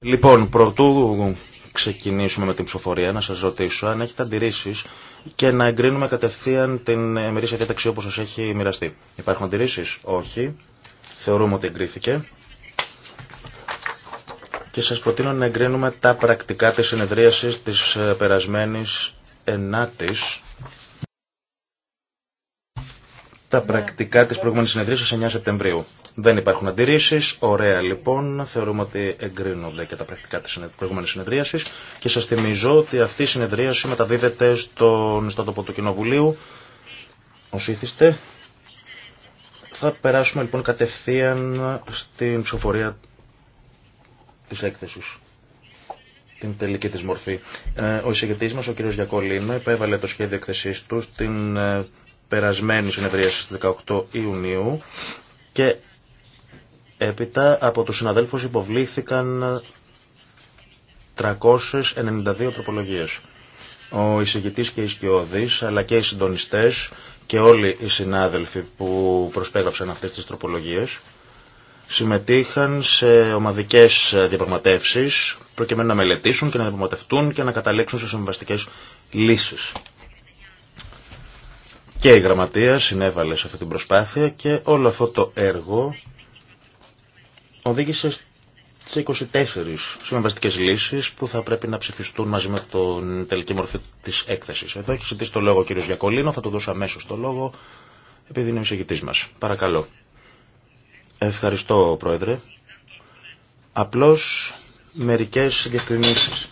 Λοιπόν, πρωτού ξεκινήσουμε με την ψηφοφορία, να σα ρωτήσω αν έχετε αντιρρήσει και να εγκρίνουμε κατευθείαν την μερίσια διάταξη όπω σα έχει μοιραστεί. Υπάρχουν αντιρρήσει, Όχι. Θεωρούμε ότι εγκρίθηκε. Και σα προτείνω να εγκρίνουμε τα πρακτικά της συνεδρίασης της ε, περασμένης ενάτης τα πρακτικά της προηγούμενης συνεδρίασης 9 Σεπτεμβρίου. Δεν υπάρχουν αντιρρήσει. Ωραία λοιπόν. Θεωρούμε ότι εγκρίνονται και τα πρακτικά τη προηγούμενη συνεδρίασης. Και σα θυμίζω ότι αυτή η συνεδρίαση μεταδίδεται στον ιστότοπο του Κοινοβουλίου. Ως ήθιστε. Θα περάσουμε λοιπόν κατευθείαν στην ψηφοφορία τη έκθεση. την τελική τη μορφή. Ε, ο εισηγητή μα, ο κ. Γιακολίνο, επέβαλε το σχέδιο εκθεσή του στην ε, περασμένη συνεδρία στις 18 Ιουνίου και έπειτα από τους συναδέλφους υποβλήθηκαν 392 τροπολογίες. Ο εισηγητής και οι σκιώδης αλλά και οι συντονιστές και όλοι οι συνάδελφοι που προσπέγραψαν αυτές τις τροπολογίες συμμετείχαν σε ομαδικές διαπραγματεύσεις προκειμένου να μελετήσουν και να διαπραγματευτούν και να καταλήξουν σε συμβαστικές λύσεις. Και η Γραμματεία συνέβαλε σε αυτή την προσπάθεια και όλο αυτό το έργο οδήγησε σε 24 συμβαστικές λύσεις που θα πρέπει να ψηφιστούν μαζί με την τελική μορφή της έκθεσης. Εδώ έχει ζητήσει το λόγο ο κύριος Γιακολίνο, θα του δώσω αμέσως το λόγο επειδή είναι ο εισηγητής μας. Παρακαλώ. Ευχαριστώ Πρόεδρε. Απλώς μερικές διευκρινήσεις.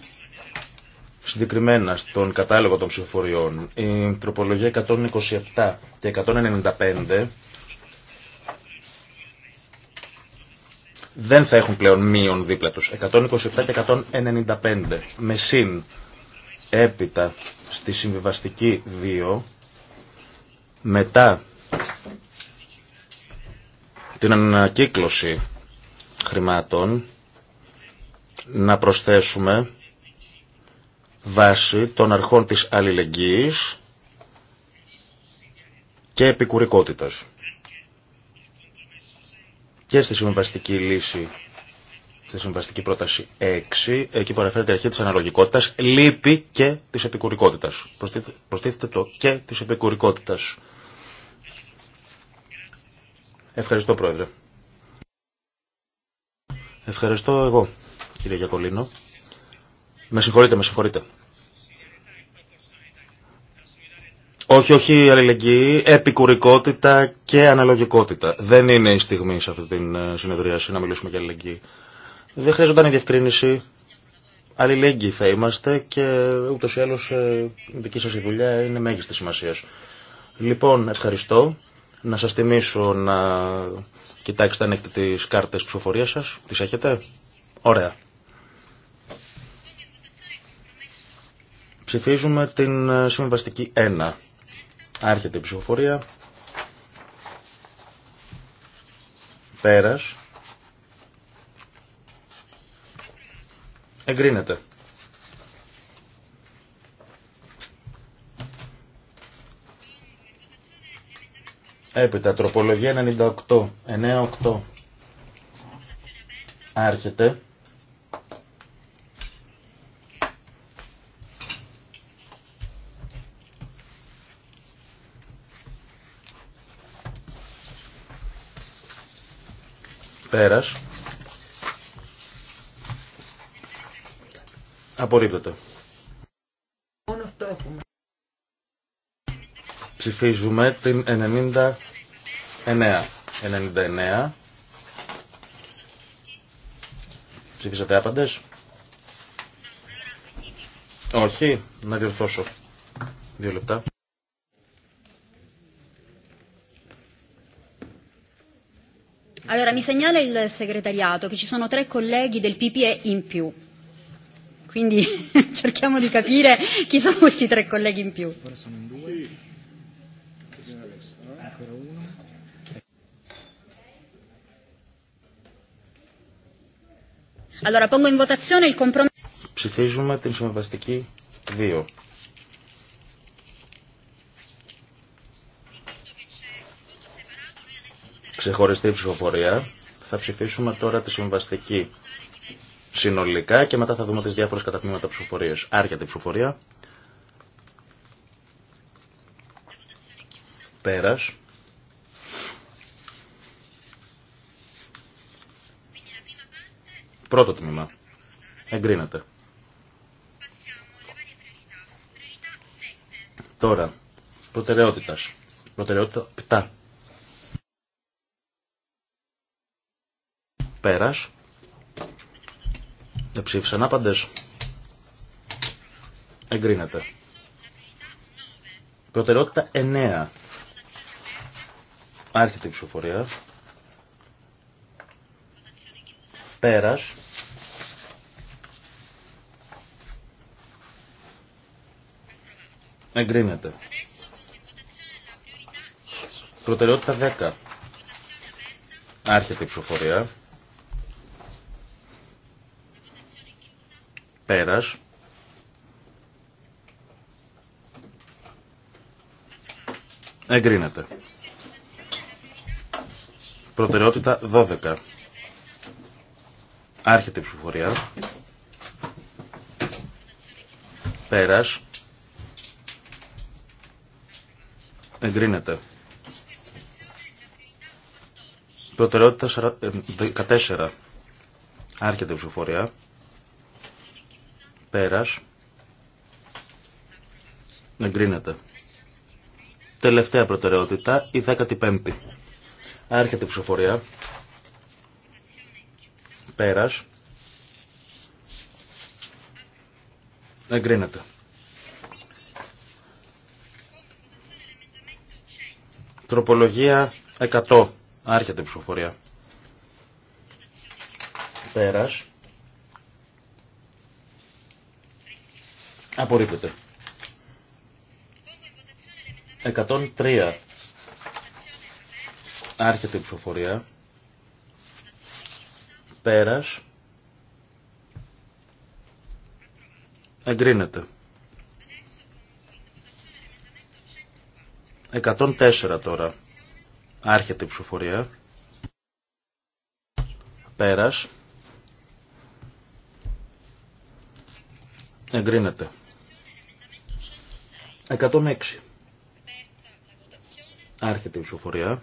Συγκεκριμένα στον κατάλογο των ψηφοφοριών, η τροπολογία 127 και 195 δεν θα έχουν πλέον μείον δίπλα τους. 127 και 195 με συν έπειτα στη συμβιβαστική 2 μετά την ανακύκλωση χρημάτων να προσθέσουμε βάση των αρχών της αλληλεγγύης και επικουρικότητας. Και στη συμβαστική λύση, στη συμβαστική πρόταση 6, εκεί που αναφέρεται η αρχή της αναλογικότητας, λείπει και της επικουρικότητας. Προστίθεται το και της επικουρικότητας. Ευχαριστώ Πρόεδρε. Ευχαριστώ εγώ, κύριε Γιακολίνο. Με συγχωρείτε, με συγχωρείτε. Όχι, όχι αλληλεγγύη, επικουρικότητα και αναλογικότητα. Δεν είναι η στιγμή σε αυτή την ε, συνεδρίαση να μιλήσουμε για αλληλεγγύη. Δεν χρειάζονταν η διευκρίνηση. Αλληλεγγύη θα είμαστε και ούτω ή άλλω ε, η δική σα δουλειά είναι μέγιστη σημασία. Λοιπόν, ευχαριστώ. Να σα θυμίσω να κοιτάξετε αν έχετε τι κάρτε ψηφοφορία σα. Τι έχετε. Ωραία. Ψηφίζουμε την ε, συμβαστική 1. Άρχεται η ψηφοφορία. Πέρας. Εγκρίνεται. Έπειτα, τροπολογία 98, 98. Άρχεται. Πέρας. Απορρίπτεται. αυτό έχουμε. Ψηφίζουμε την 99. 99. Ψηφίσατε άπαντες. Όχι, να διορθώσω. Δύο λεπτά. segnala il segretariato che ci sono tre colleghi del PPE in più. Quindi cerchiamo di capire chi sono questi tre colleghi in più. Ora sono in due. Allora pongo in votazione il compromesso. Ψηφίζουμε την συμβαστική 2. Σε ξεχωριστή ψηφοφορία. Θα ψηφίσουμε τώρα τη συμβαστική συνολικά και μετά θα δούμε τις διάφορες κατατμήματα ψηφοφορίες. Άρχεται η ψηφοφορία. Πέρας. Πρώτο τμήμα. Εγκρίνεται. Τώρα, προτεραιότητας. Προτεραιότητα 7. Πέρας. Δεν ψήφισαν άπαντες. Εγκρίνεται. Προτεραιότητα 9. Άρχεται η ψηφοφορία. Πέρας. Εγκρίνεται. Προτεραιότητα 10. Άρχεται η ψηφοφορία. Πέρας. Εγκρίνεται. Προτεραιότητα 12. Άρχεται η ψηφοφορία. Πέρας. Εγκρίνεται. Προτεραιότητα 14. Ε, Άρχεται η ψηφοφορία. Πέρας. Εγκρίνεται. Τελευταία προτεραιότητα, η 15η. Άρχεται η ψηφοφορία. Πέρας. Εγκρίνεται. Τροπολογία 100. Άρχεται η ψηφοφορία. Πέρας. Απορρίπτεται. 103. Άρχεται η ψηφοφορία. Πέρας. Εγκρίνεται. 104 τώρα. Άρχεται η ψηφοφορία. Πέρας. Εγκρίνεται. 106. Άρχεται η ψηφοφορία.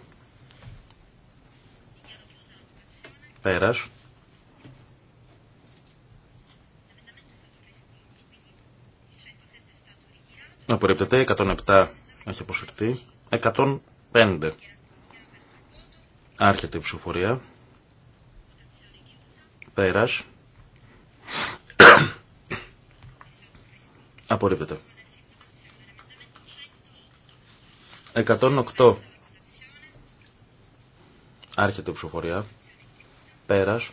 Πέρας. Απορρίπτεται 107 έχει αποσυρθεί. 105 άρχεται η ψηφοφορία. Πέρας. Απορρίπτεται. 108. Άρχεται η ψηφοφορία. Πέρας.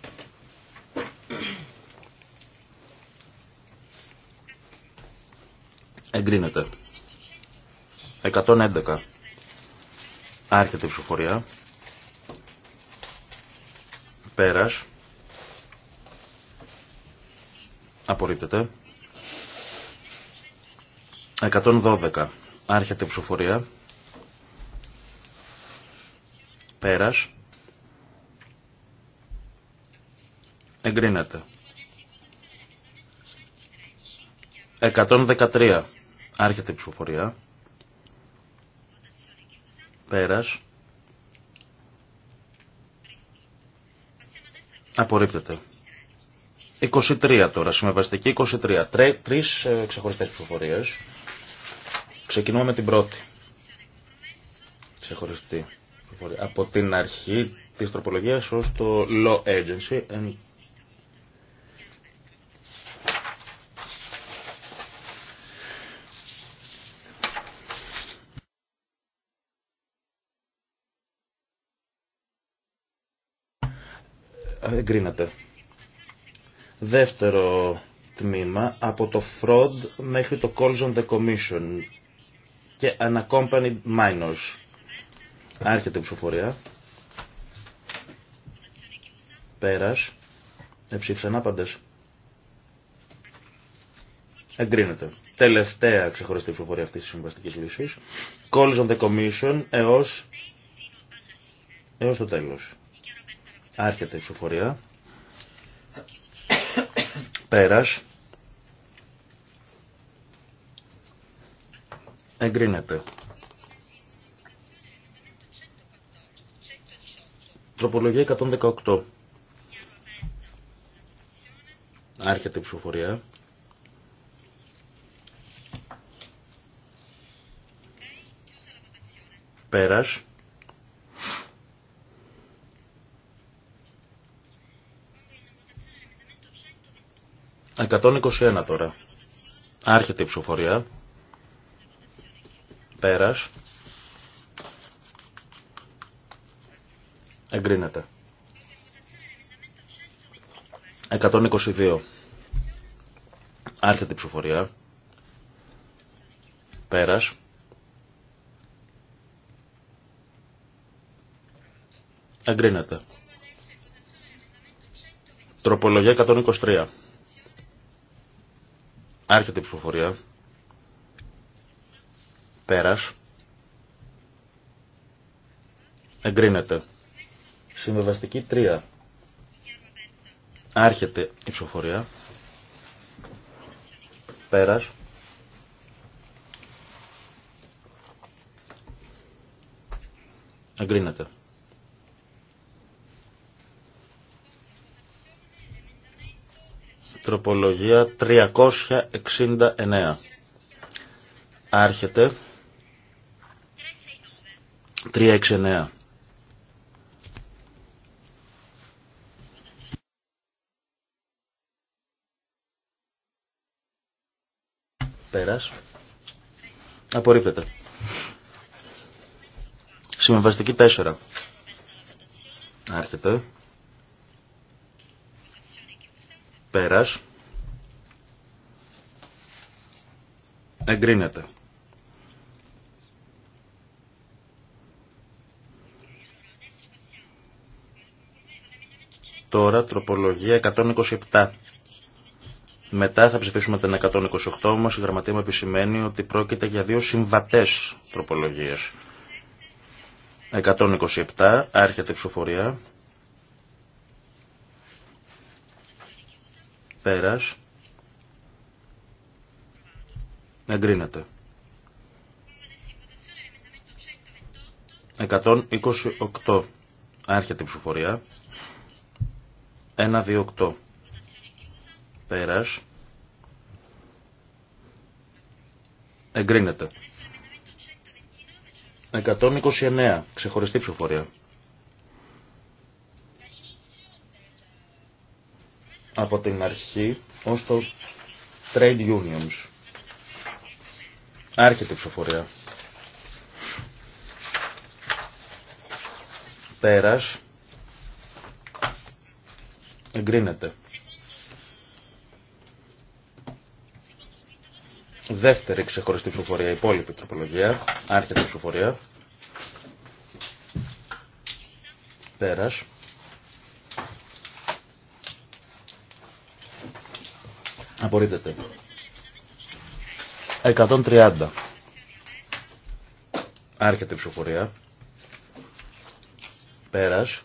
Εγκρίνεται. 111. Άρχεται η ψηφοφορία. Πέρας. Απορρίπτεται. 112. Άρχεται η ψηφοφορία. Πέρας. Εγκρίνεται. 113. Άρχεται η ψηφοφορία. Πέρας. Απορρίπτεται. 23 τώρα, συμμεβαστική 23. Τρε, τρεις ε, ξεχωριστές ψηφοφορίες. Ξεκινούμε με την πρώτη. Ξεχωριστή από την αρχή της τροπολογίας ως το Law Agency εγκρίνεται. Δεύτερο τμήμα, από το fraud μέχρι το calls on the commission και unaccompanied minors. Άρχεται η ψηφοφορία. Πέρας. Εψήφισαν παντέ Εγκρίνεται. Τελευταία ξεχωριστή ψηφοφορία αυτής της συμβαστικής λύσης. Calls on the Commission έως, έως το τέλος. Άρχεται η ψηφοφορία. Πέρας. Εγκρίνεται. Τροπολογία 118. Άρχεται η ψηφοφορία. Πέρας. Εκατόν τώρα. Άρχεται η ψηφοφορία. Πέρας. Εγκρίνεται. 122. Άρχεται η ψηφοφορία. Πέρας. Εγκρίνεται. Τροπολογία 123. Άρχεται η ψηφοφορία. Πέρας. Εγκρίνεται. Συμβεβαστική 3. Άρχεται η ψηφοφορία. Πέρας. Αγκρίνεται. Τροπολογία 369. Άρχεται. 369. Πέρας. Απορρίπτεται. Συμβαστική 4. Άρχεται. Πέρας. Εγκρίνεται. Τώρα τροπολογία 127. Μετά θα ψηφίσουμε την 128 μας. Η γραμματεία μου επισημαίνει ότι πρόκειται για δύο συμβατές τροπολογίες. 127, άρχεται η ψηφοφορία. Πέρας. Εγκρίνεται. 128, άρχεται η ψηφοφορία. 128. Πέρας. Εγκρίνεται. 129. Ξεχωριστή ψηφοφορία. Από την αρχή ως το trade unions. Άρχεται η ψηφοφορία. Πέρας. Εγκρίνεται. Δεύτερη ξεχωριστή ψηφοφορία, υπόλοιπη τροπολογία, άρχεται ψηφοφορία. Πέρας. απορρίτεται. 130. Άρχεται η ψηφοφορία. Πέρας.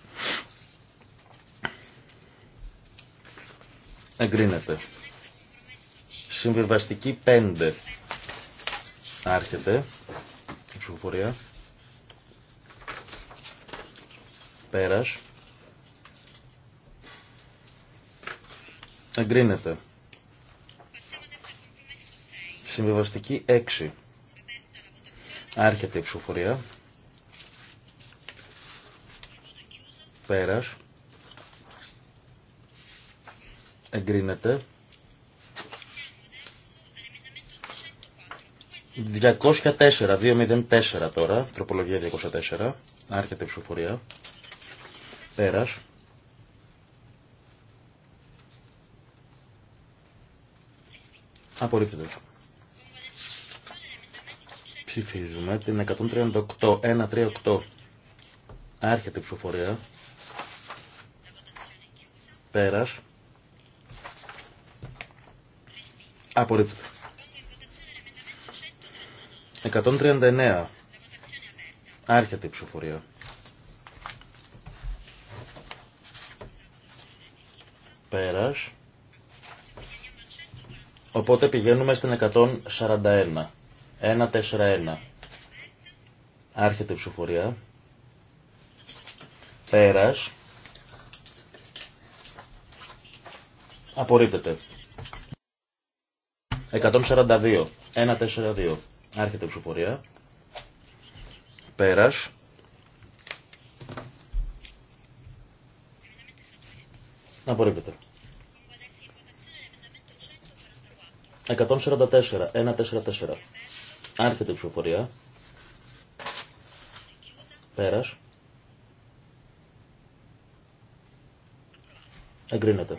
Εγκρίνεται. Συμβιβαστική 5. Άρχεται η ψηφοφορία. Πέρας. Εγκρίνεται. Συμβιβαστική 6. Άρχεται η ψηφοφορία. Πέρας. Εγκρίνεται. 204, 204 τώρα, τροπολογία 204, άρχεται η ψηφοφορία, πέρας. Απορρίπτεται. Ψηφίζουμε την 138, 138, άρχεται η ψηφοφορία, πέρας. Απορρίπτεται. 139. Άρχεται η ψηφοφορία. Πέρας. Οπότε πηγαίνουμε στην 141. 141. Άρχεται η ψηφοφορία. Πέρας. Απορρίπτεται. 142. 142. Άρχεται η ψηφοφορία. Πέρας. Απορρίπτεται. 144. 144. Άρχεται η ψηφοφορια Πέρα. Πέρας. Εγκρίνεται.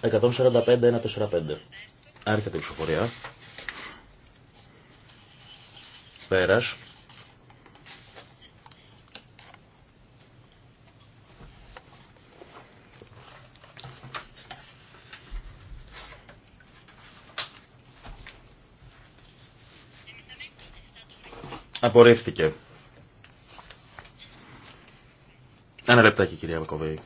145-145. Άρχεται η ψηφοφορία. Πέρας. Απορρίφθηκε. Ένα λεπτάκι κυρία Μακοβέη.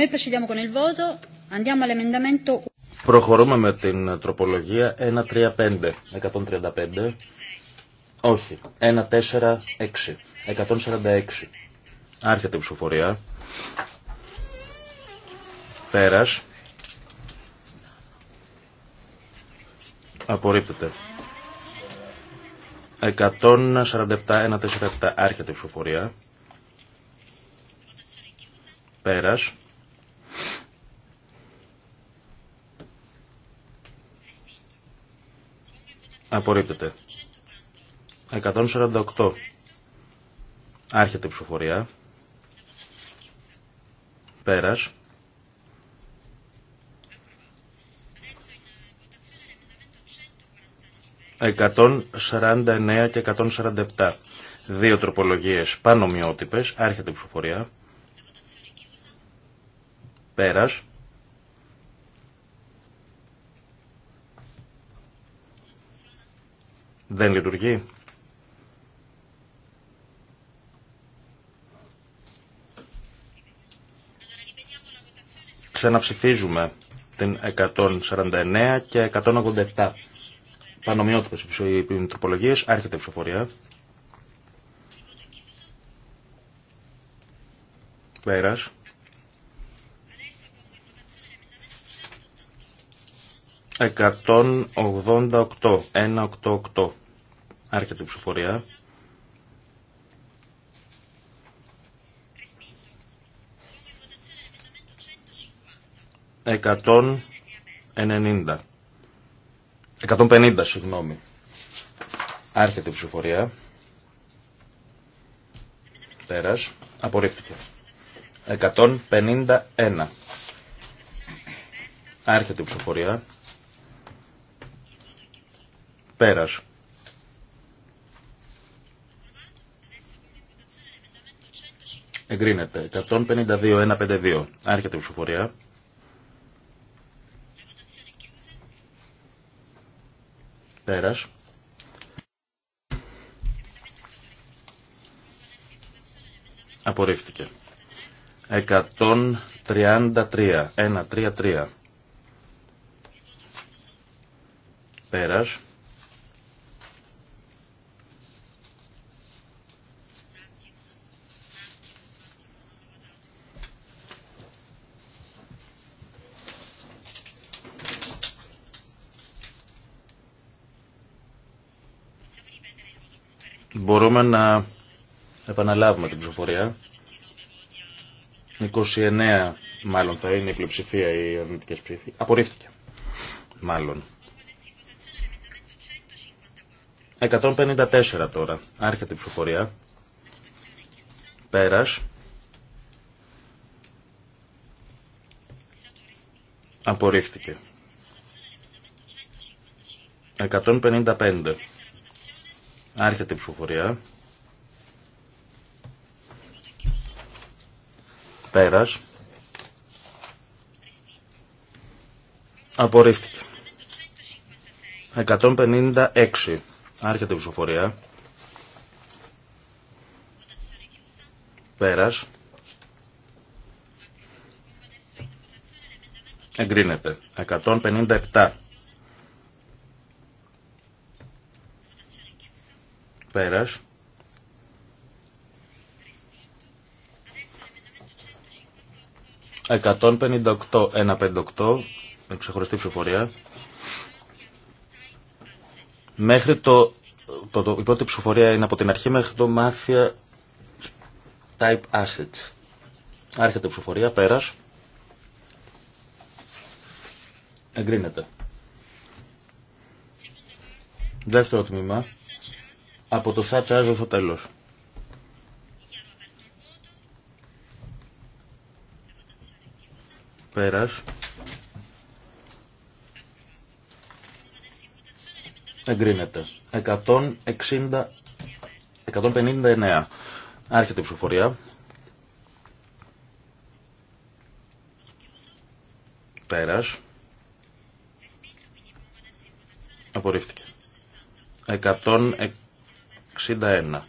noi procediamo con il voto, andiamo all'emendamento... Προχωρούμε με την τροπολογία 1 5 135, όχι, 1 Όχι 146. Άρχεται η ψηφοφορία. Πέρας. Απορρίπτεται. 147-147 άρχεται η ψηφοφορία. Πέρας. Απορρίπτεται. 148. Άρχεται η ψηφοφορία. Πέρας. 149 και 147. Δύο τροπολογίες πανομοιότυπες. Άρχεται η ψηφοφορία. Πέρας. Δεν λειτουργεί. Ξαναψηφίζουμε την 149 και 187. Πανομοιότητες οι τροπολογίες. Άρχεται η ψηφοφορία. Πέρας. Εκατόν ογδόντα οκτώ. Ένα Άρχεται η ψηφοφορία. Εκατόν ενενήντα. Εκατόν πενήντα, συγγνώμη. Άρχεται η ψηφοφορία. Πέρας. Απορρίφθηκε. 151. Άρχεται η ψηφοφορία. Πέρας. Εγκρίνεται. 152-152. Άρχεται η ψηφοφορία. Πέρας. Απορρίφθηκε. 133. 133. Πέρας. μπορούμε να επαναλάβουμε την ψηφοφορία. 29 μάλλον θα είναι η πλειοψηφία οι αρνητικέ ψήφοι. Απορρίφθηκε. Μάλλον. 154 τώρα. Άρχεται η ψηφοφορία. Πέρας. Απορρίφθηκε. 155. Άρχεται η ψηφοφορία. Πέρας. Απορρίφθηκε. 156. Άρχεται η ψηφοφορία. Πέρας. Εγκρίνεται. 157. 158 Εκατόν 158-158, 158, με ξεχωριστή ψηφοφορία. Μέχρι το, το, το, η πρώτη ψηφοφορία είναι από την αρχή μέχρι το Mafia Type Assets. Άρχεται η ψηφοφορία, πέρας. Εγκρίνεται. Δεύτερο τμήμα από το Σάτσα στο τέλος. Πέρας. Εγκρίνεται. 160... 159. Άρχεται η ψηφοφορία. Πέρας. Απορρίφθηκε. 160 161.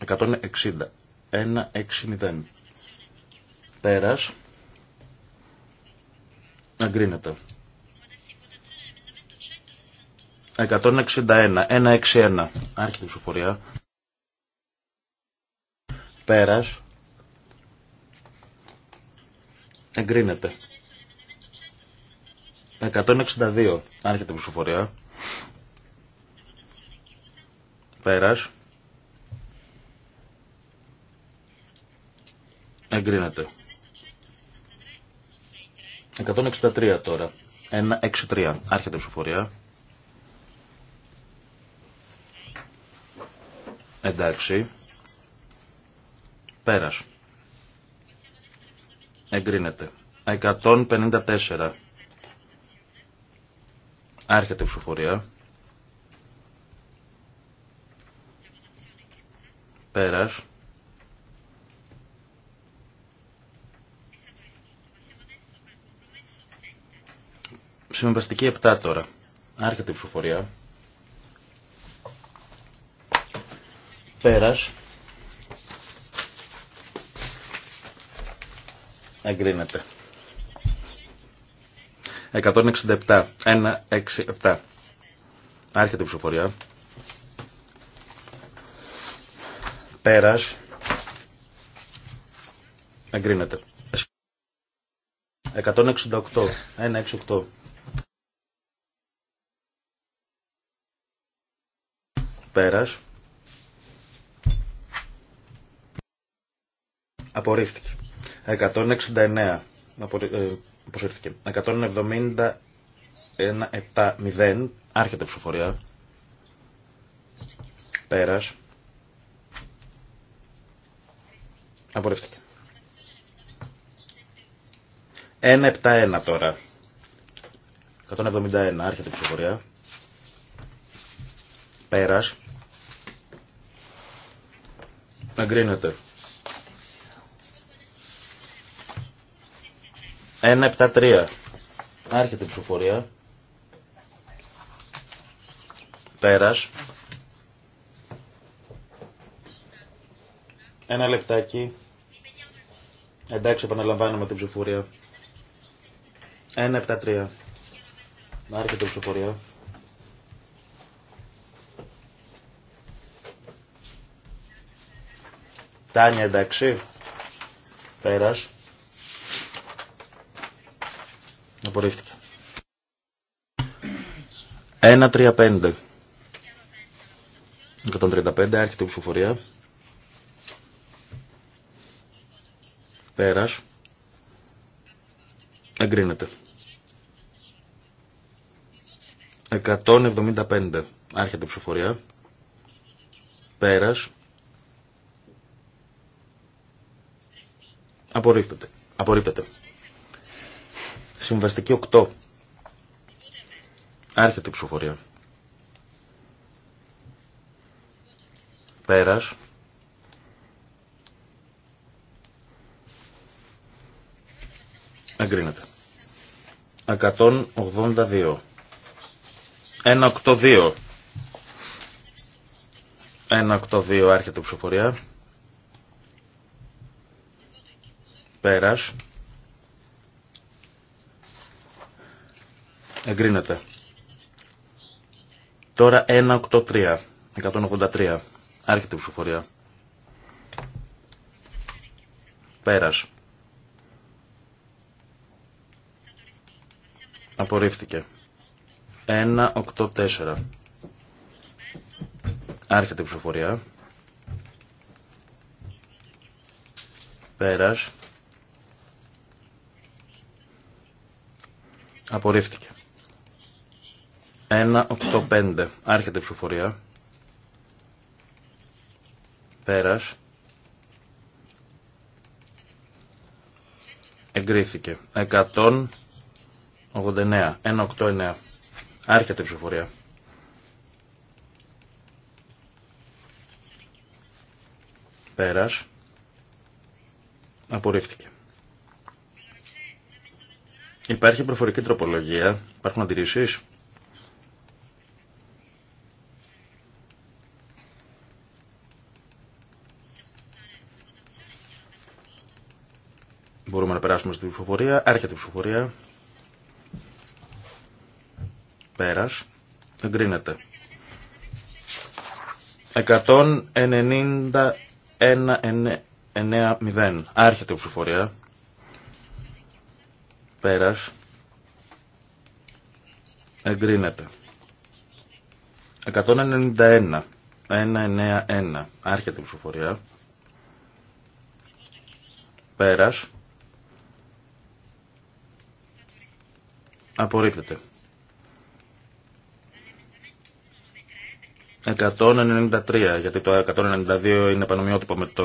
160. 160. Πέρας. Αγκρίνεται. 161. 161. η ψηφοφορία. Πέρας. Εγκρίνεται. 162. Άρχεται η ψηφοφορία. Πέρας. Εγκρίνεται. 163 τώρα. 163. Άρχεται η ψηφοφορία. Εντάξει. Πέρας. Εγκρίνεται. 154. Άρχεται η ψηφοφορία. Πέρας. Συμβαστική 7 τώρα. Άρχεται η ψηφοφορία. Πέρας. Εγκρίνεται. 167. 167. Άρχεται η ψηφοφορία. Πέρας. Εγκρίνεται. 168. 168. Πέρας. Απορρίφθηκε. 169. Ε, αποσύρθηκε. 170. Άρχεται ψηφοφορία. 171 τωρα 1-7-1 τώρα. 171. Άρχεται η ψηφοφορία. Πέρας. Εγκρίνεται. 173. Άρχεται η ψηφοφορία. Πέρας. Ένα λεπτάκι. Εντάξει, επαναλαμβάνουμε την ψηφοφορία. 173. Άρχεται η ψηφοφορία. Τάνια εντάξει. Πέρας. Απορρίφθηκε. 1.35. 135 άρχεται η ψηφοφορία. Πέρας. Εγκρίνεται. 175 άρχεται η ψηφοφορία. Πέρας. Απορρίπτεται. Απορρίπτεται. Συμβαστική 8. Άρχεται η ψηφοφορία. Πέρας. Εγκρίνεται. 182. 182. 182 άρχεται η ψηφοφορία. Πέρας. Εγκρίνεται. Τώρα 183. 183. Άρχεται η ψηφοφορία. Πέρας. Απορρίφθηκε. 184. Άρχεται η ψηφοφορία. Πέρας. Απορρίφθηκε. 1.85. Άρχεται η ψηφοφορία. Πέρας. Εγκρίθηκε. 189. 1.89. Άρχεται η ψηφοφορία. Πέρας. Απορρίφθηκε. Υπάρχει προφορική τροπολογία. Υπάρχουν αντιρρήσεις. Μπορούμε να περάσουμε στην ψηφοφορία. Άρχεται η ψηφοφορία. Πέρας. Εγκρίνεται. 191-9-0. Άρχεται η ψηφοφορία. Πέρας. Εγκρίνεται. 191. 191. Άρχεται η ψηφοφορία. Πέρας. Απορρίπτεται. 193, γιατί το 192 είναι πανομοιότυπο με, το,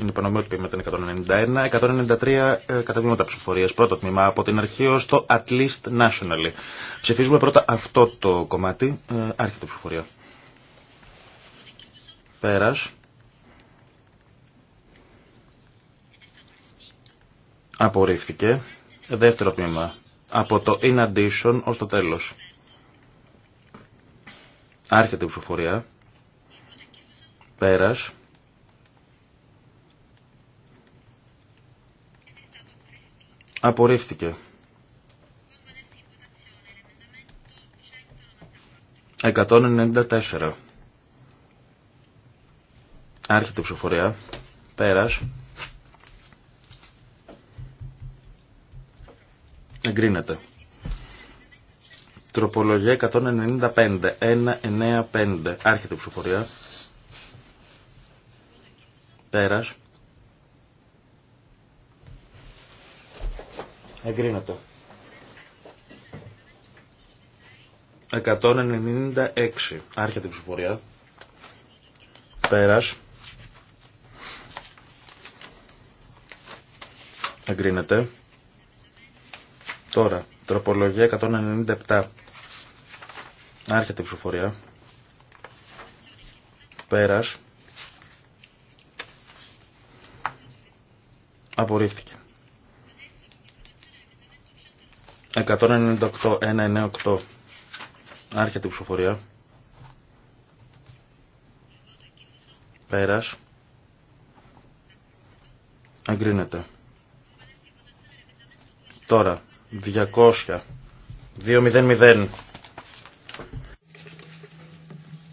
είναι πανομοιότυπο με την 191. 193 κατά τμήματα ψηφορίας, πρώτο τμήμα από την αρχή ως το At least Nationally. Ψηφίζουμε πρώτα αυτό το κομμάτι, ε, άρχεται ψηφορία. Πέρας. Απορρίφθηκε. Δεύτερο τμήμα. Από το In Addition ως το τέλος. Άρχεται η ψηφοφορία. Πέρας. Απορρίφθηκε. 194. Άρχεται η ψηφοφορία. Πέρας. Εγκρίνεται. Τροπολογία 195. 195. Άρχεται η ψηφοφορία. Πέρας. Εγκρίνεται. 196. Άρχεται η ψηφοφορία. Πέρας. Εγκρίνεται. Τώρα, τροπολογία 197. Άρχεται η ψηφοφορια Πέρα Πέρας. Απορρίφθηκε. 198-198. Άρχεται η ψηφοφορία. Πέρα. Αγκρίνεται. Τώρα, 200. 2-0-0.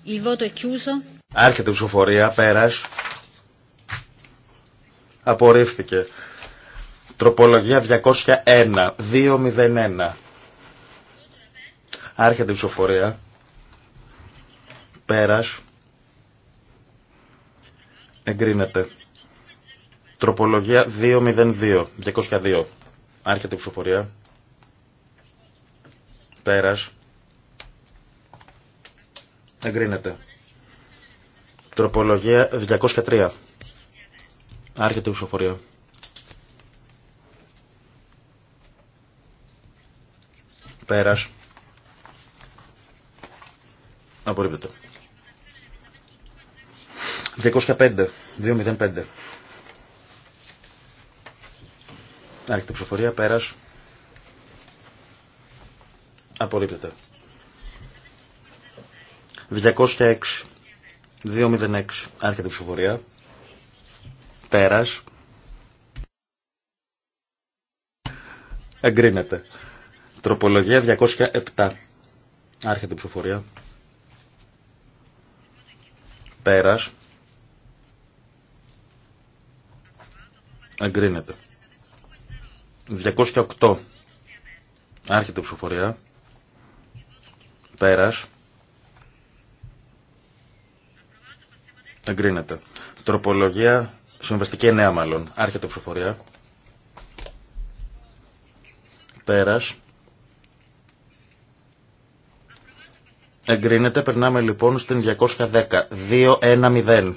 Il voto è chiuso. Άρχεται η ψηφοφορία, πέρας. Απορρίφθηκε. Τροπολογία 201, 201. Άρχεται η ψηφοφορία. Πέρας. Εγκρίνεται. Τροπολογία 202, 202. Άρχεται η ψηφοφορία. Πέρας. Εγκρίνεται. Τροπολογία 203. Άρχεται η ψηφοφορία. Πέρας. Απορρίπτεται. 205. 205. Άρχεται η ψηφοφορία. Πέρας. Απορρίπτεται. 206. 206. Άρχεται η ψηφοφορία. Πέρα. Εγκρίνεται. Τροπολογία 207. Άρχεται η ψηφοφορία. Πέρα. Εγκρίνεται. 208. Άρχεται η ψηφοφορία. Πέρας. Εγκρίνεται. Τροπολογία, συμβαστική 9 μάλλον. Άρχεται η ψηφοφορία. Πέρας. Εγκρίνεται. Περνάμε λοιπόν στην 210. 2-1-0.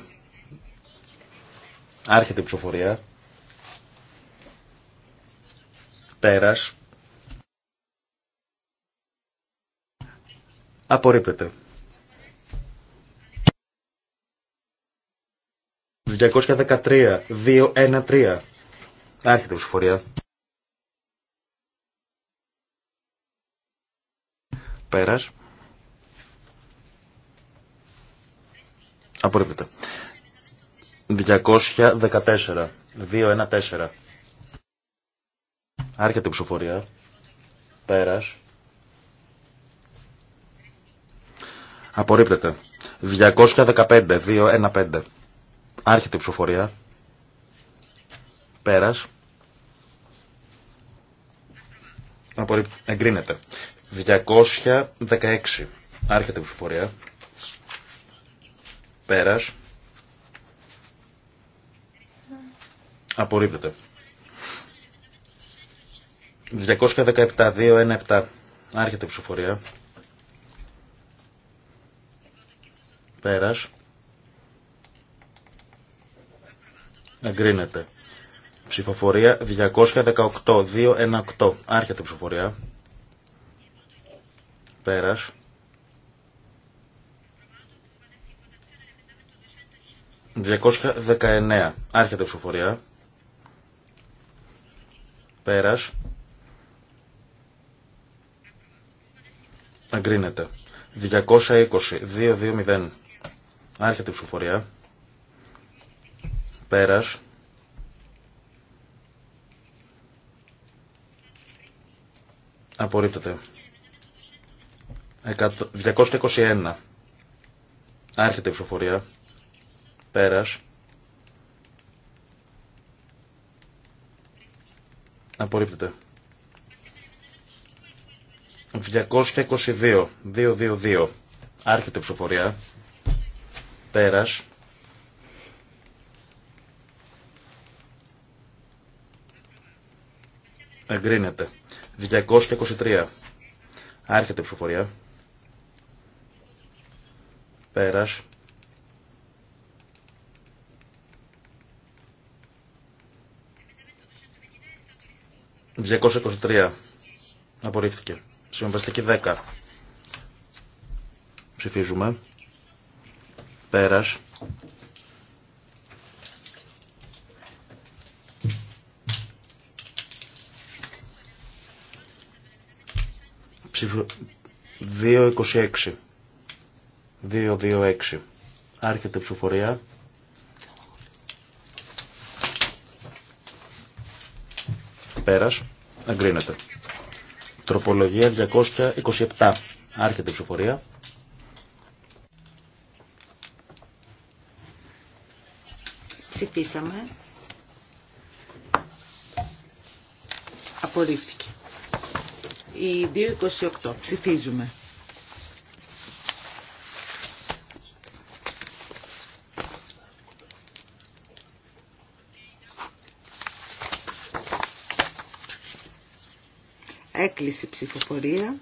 Άρχεται η ψηφοφορία. Πέρας. Απορρίπτεται. 213, 213. Άρχεται η ψηφοφορία. Πέρας. Απορρίπτεται. 214. 214. Άρχεται η ψηφοφορία. περα Απορρίπτεται. 215. 215. Άρχεται η ψηφοφορία. Πέρας. Εγκρίνεται. 216. Άρχεται η ψηφοφορία. Πέρας. Απορρίπτεται. 217-217. Άρχεται η ψηφοφορία. Πέρας. Εγκρίνεται. Ψηφοφορία 218. 218. Άρχεται η ψηφοφορία. Πέρας. ...219. Άρχεται η ψηφοφορία. Πέρας. Εγκρίνεται. 220. 220. Άρχεται η ψηφοφορία πέρας. Απορρίπτεται. 221. Άρχεται η ψηφοφορία. Πέρας. Απορρίπτεται. 222. 222. Άρχεται η ψηφοφορία. Πέρας. Εγκρίνεται. 223. Άρχεται η ψηφοφορία. Πέρας. ...223. Απορρίφθηκε. Συμβαστική 10. Ψηφίζουμε. Πέρας. Ψηφο... 226. 226. Άρχεται ψηφοφορία. Πέρας. Αγκρίνεται. Τροπολογία 227. Άρχεται ψηφοφορία. Ψηφίσαμε. Απορρίφθηκε. Η 228. Ψηφίζουμε. Έκλεισε ψηφοφορία.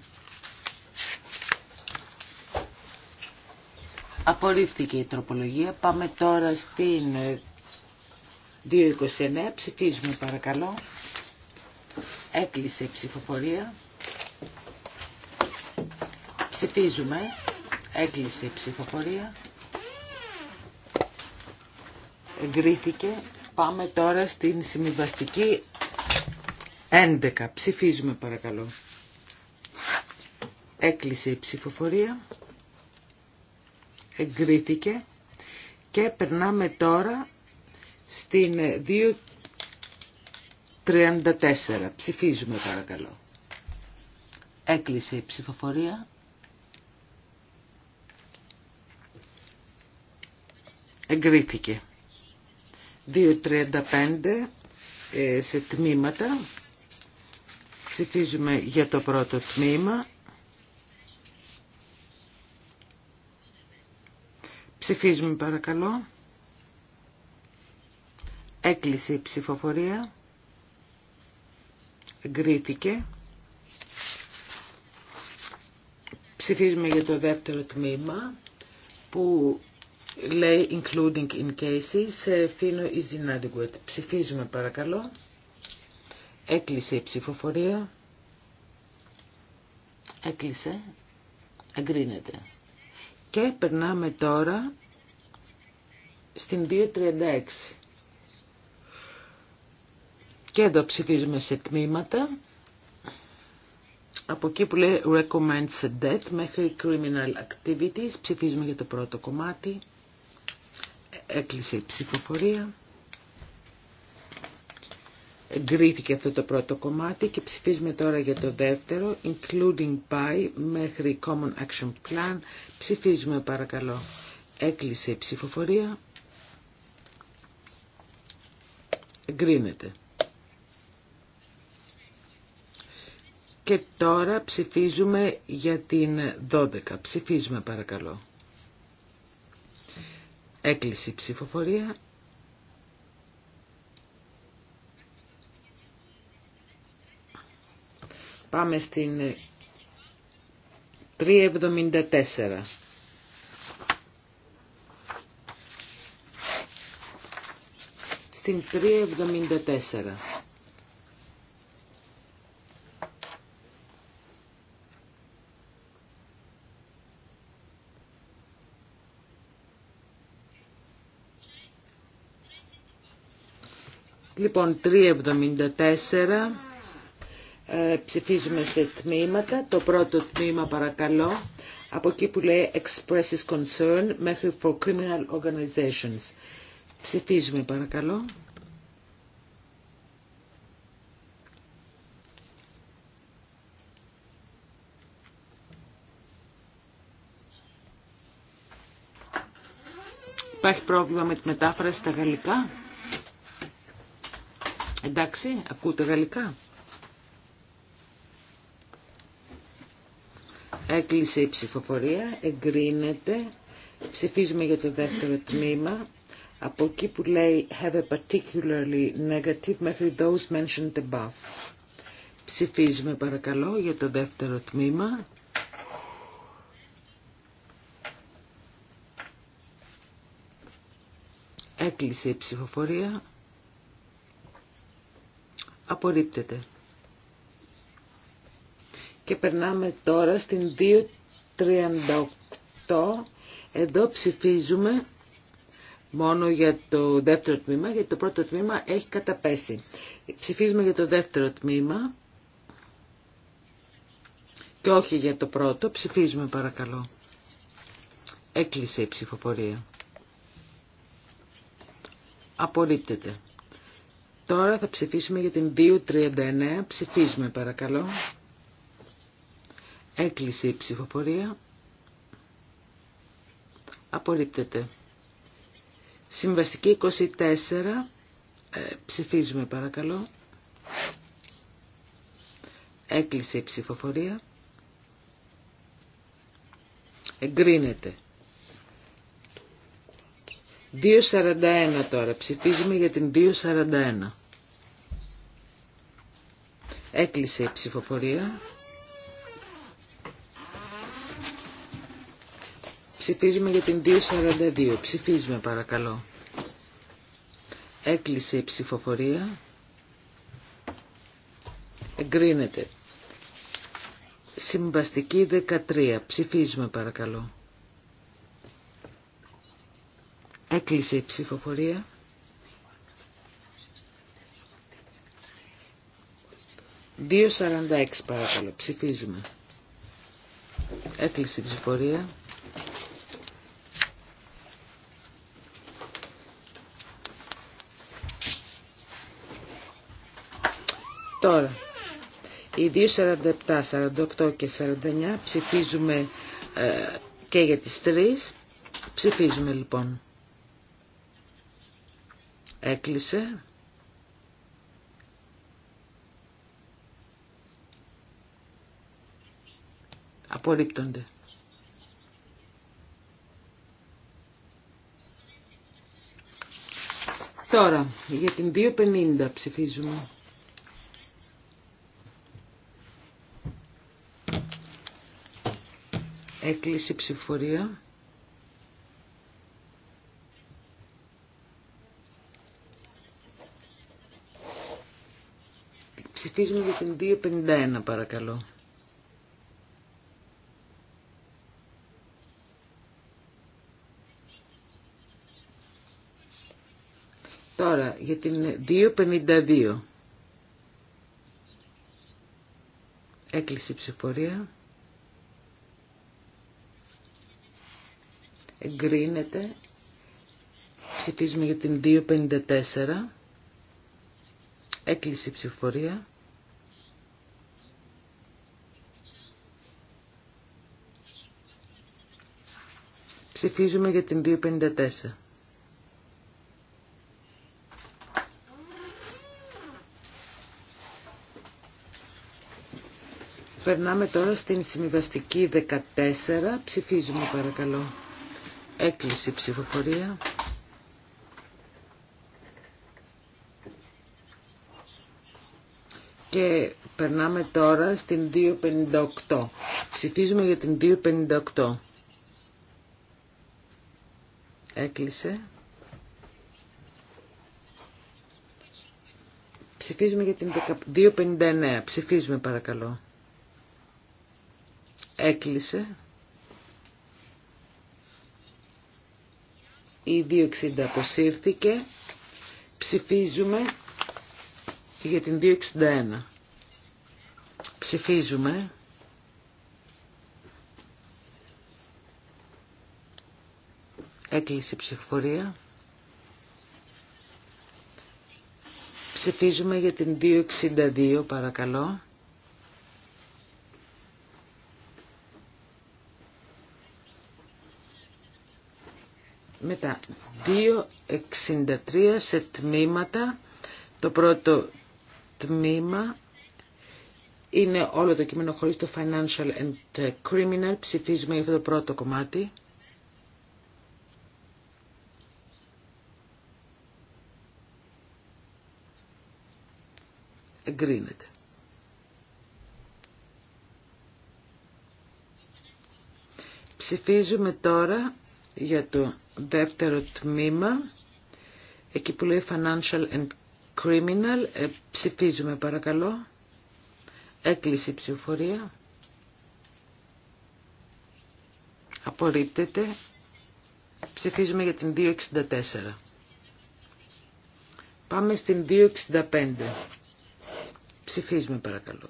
Απορρίφθηκε η τροπολογία. Πάμε τώρα στην 229. Ψηφίζουμε παρακαλώ. Έκλεισε η ψηφοφορία. Ψηφίζουμε. Έκλεισε η ψηφοφορία. Εγκρίθηκε. Πάμε τώρα στην συμβιβαστική 11. Ψηφίζουμε παρακαλώ. Έκλεισε η ψηφοφορία. Εγκρίθηκε. Και περνάμε τώρα στην 2.34. Ψηφίζουμε παρακαλώ. Έκλεισε η ψηφοφορία. εγκρίθηκε. 2.35 ε, σε τμήματα. Ψηφίζουμε για το πρώτο τμήμα. Ψηφίζουμε παρακαλώ. Έκλεισε η ψηφοφορία. Εγκρίθηκε. Ψηφίζουμε για το δεύτερο τμήμα που λέει including in cases, Φίνο ε, is inadequate. Ψηφίζουμε παρακαλώ. Έκλεισε η ψηφοφορία. Έκλεισε. Εγκρίνεται. Και περνάμε τώρα στην 2.36. Και εδώ ψηφίζουμε σε τμήματα. Από εκεί που λέει recommends a μέχρι criminal activities. Ψηφίζουμε για το πρώτο κομμάτι. Έκλεισε η ψηφοφορία. Εγκρίθηκε αυτό το πρώτο κομμάτι και ψηφίζουμε τώρα για το δεύτερο, including by, μέχρι Common Action Plan. Ψηφίζουμε παρακαλώ. Έκλεισε η ψηφοφορία. Εγκρίνεται. Και τώρα ψηφίζουμε για την 12. Ψηφίζουμε παρακαλώ. Έκλεισε η ψηφοφορία. Πάμε στην 374. Στην 374. Λοιπόν, 374. Ε, ψηφίζουμε σε τμήματα. Το πρώτο τμήμα παρακαλώ. Από εκεί που λέει expresses concern μέχρι for criminal organizations. Ψηφίζουμε παρακαλώ. Υπάρχει πρόβλημα με τη μετάφραση στα γαλλικά. Εντάξει, ακούτε γαλλικά. Έκλεισε η ψηφοφορία, εγκρίνεται. Ψηφίζουμε για το δεύτερο τμήμα. Από εκεί που λέει have a particularly negative μέχρι those mentioned above. Ψηφίζουμε παρακαλώ για το δεύτερο τμήμα. Έκλεισε η ψηφοφορία απορρίπτεται. Και περνάμε τώρα στην 238. Εδώ ψηφίζουμε μόνο για το δεύτερο τμήμα, γιατί το πρώτο τμήμα έχει καταπέσει. Ψηφίζουμε για το δεύτερο τμήμα και όχι για το πρώτο. Ψηφίζουμε παρακαλώ. Έκλεισε η ψηφοφορία. Απορρίπτεται. Τώρα θα ψηφίσουμε για την 239. Ψηφίζουμε παρακαλώ. Έκλεισε η ψηφοφορία. Απορρίπτεται. Συμβαστική 24. Ε, ψηφίζουμε παρακαλώ. Έκλεισε η ψηφοφορία. Εγκρίνεται. 2.41 τώρα. Ψηφίζουμε για την 2.41. Έκλεισε η ψηφοφορία. Ψηφίζουμε για την 242. Ψηφίζουμε παρακαλώ. Έκλεισε η ψηφοφορία. Εγκρίνεται. Συμβαστική 13. Ψηφίζουμε παρακαλώ. Έκλεισε η ψηφοφορία. 2.46 παρακαλώ. Ψηφίζουμε. Έκλεισε η ψηφορία. Τώρα, οι 2.47, 48 και 49 ψηφίζουμε ε, και για τις τρεις. Ψηφίζουμε λοιπόν. Έκλεισε. Απορρίπτονται. Τώρα, για την 2.50 ψηφίζουμε. Έκλειση ψηφορία. Ψηφίζουμε για την 2.51 παρακαλώ. για την 252. Έκλεισε η ψηφορία. Εγκρίνεται. Ψηφίζουμε για την 254. Έκλεισε η ψηφορία. Ψηφίζουμε για την 254. Περνάμε τώρα στην συμβιβαστική 14. Ψηφίζουμε παρακαλώ. Έκλεισε η ψηφοφορία. Και περνάμε τώρα στην 258. Ψηφίζουμε για την 258. Έκλεισε. Ψηφίζουμε για την 259. Ψηφίζουμε παρακαλώ έκλεισε. Η 260 αποσύρθηκε. Ψηφίζουμε για την 261. Ψηφίζουμε. Έκλεισε η ψηφοφορία. Ψηφίζουμε για την 262 παρακαλώ. τμήματα 2.63 σε τμήματα. Το πρώτο τμήμα είναι όλο το κείμενο χωρίς το financial and criminal. Ψηφίζουμε για αυτό το πρώτο κομμάτι. Εγκρίνεται. Ψηφίζουμε τώρα για το δεύτερο τμήμα, εκεί που λέει Financial and Criminal, ε, ψηφίζουμε παρακαλώ. Έκλεισε η ψηφοφορία. Απορρίπτεται. Ψηφίζουμε για την 264. Πάμε στην 265. Ψηφίζουμε παρακαλώ.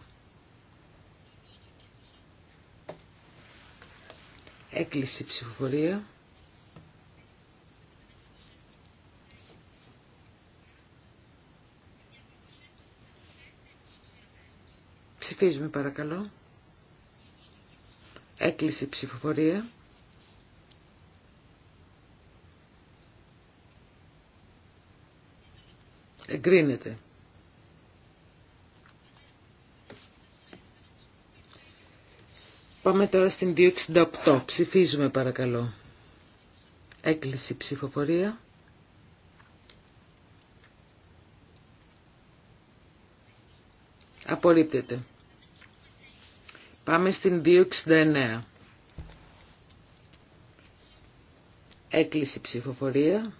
Έκλεισε η ψηφοφορία. Ψηφίζουμε παρακαλώ. Έκλεισε η ψηφοφορία. Εγκρίνεται. Πάμε τώρα στην 268. Ψηφίζουμε παρακαλώ. Έκλεισε η ψηφοφορία. Απορρίπτεται. Πάμε στην 269. Έκλεισε ψηφοφορία.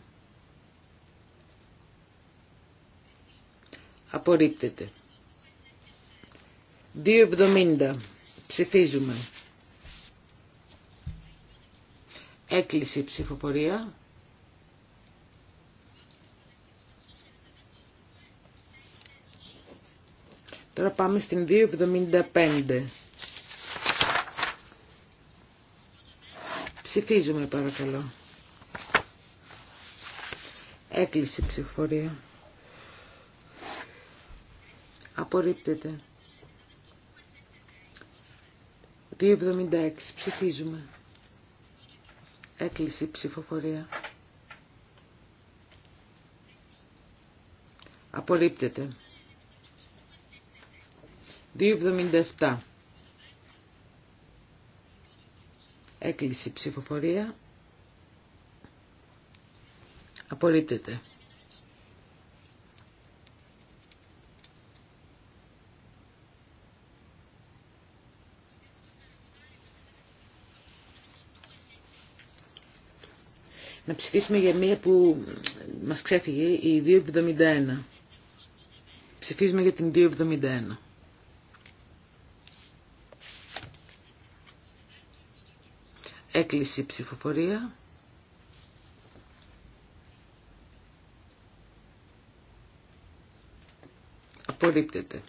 Απορρίπτεται. 270. Ψηφίζουμε. Έκλεισε ψηφοφορία. Τώρα πάμε στην 275. Ψηφίζουμε παρακαλώ. Έκλεισε η ψηφοφορία. Απορρίπτεται. 2.76. Ψηφίζουμε. Έκλεισε η ψηφοφορία. Απορρίπτεται. 2.77. Έκλεισε ψηφοφορία. Απορρίπτεται. Να ψηφίσουμε για μία που μας ξέφυγε, η 271. Ψηφίζουμε για την 271. Έκλεισε η ψηφοφορία. Απορρίπτεται.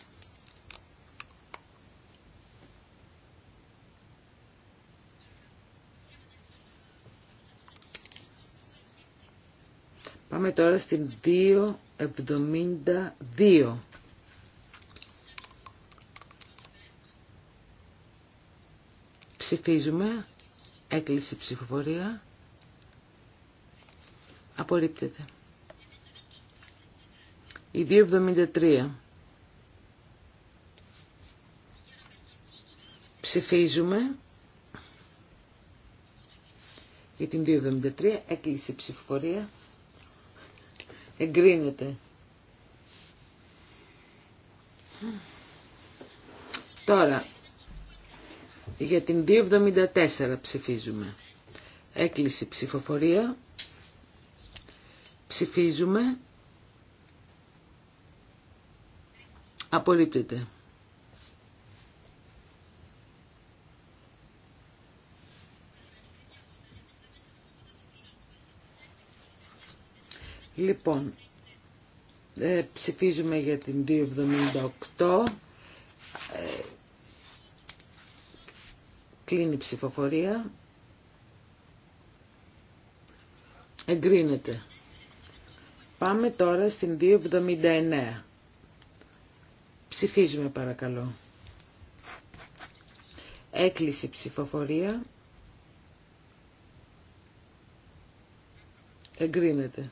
Πάμε τώρα στην 2.72. Ψηφίζουμε. Έκλεισε η ψηφοφορία. Απορρίπτεται. Η 273. Ψηφίζουμε. Για την 273 έκλεισε η ψηφοφορία. Εγκρίνεται. Τώρα, για την 274 ψηφίζουμε. Έκλειση ψηφοφορία. Ψηφίζουμε. Απορρίπτεται. Λοιπόν, ε, ψηφίζουμε για την 278. Κλείνει η ψηφοφορία. Εγκρίνεται. Πάμε τώρα στην 279. Ψηφίζουμε παρακαλώ. Έκλεισε ψηφοφορία. Εγκρίνεται.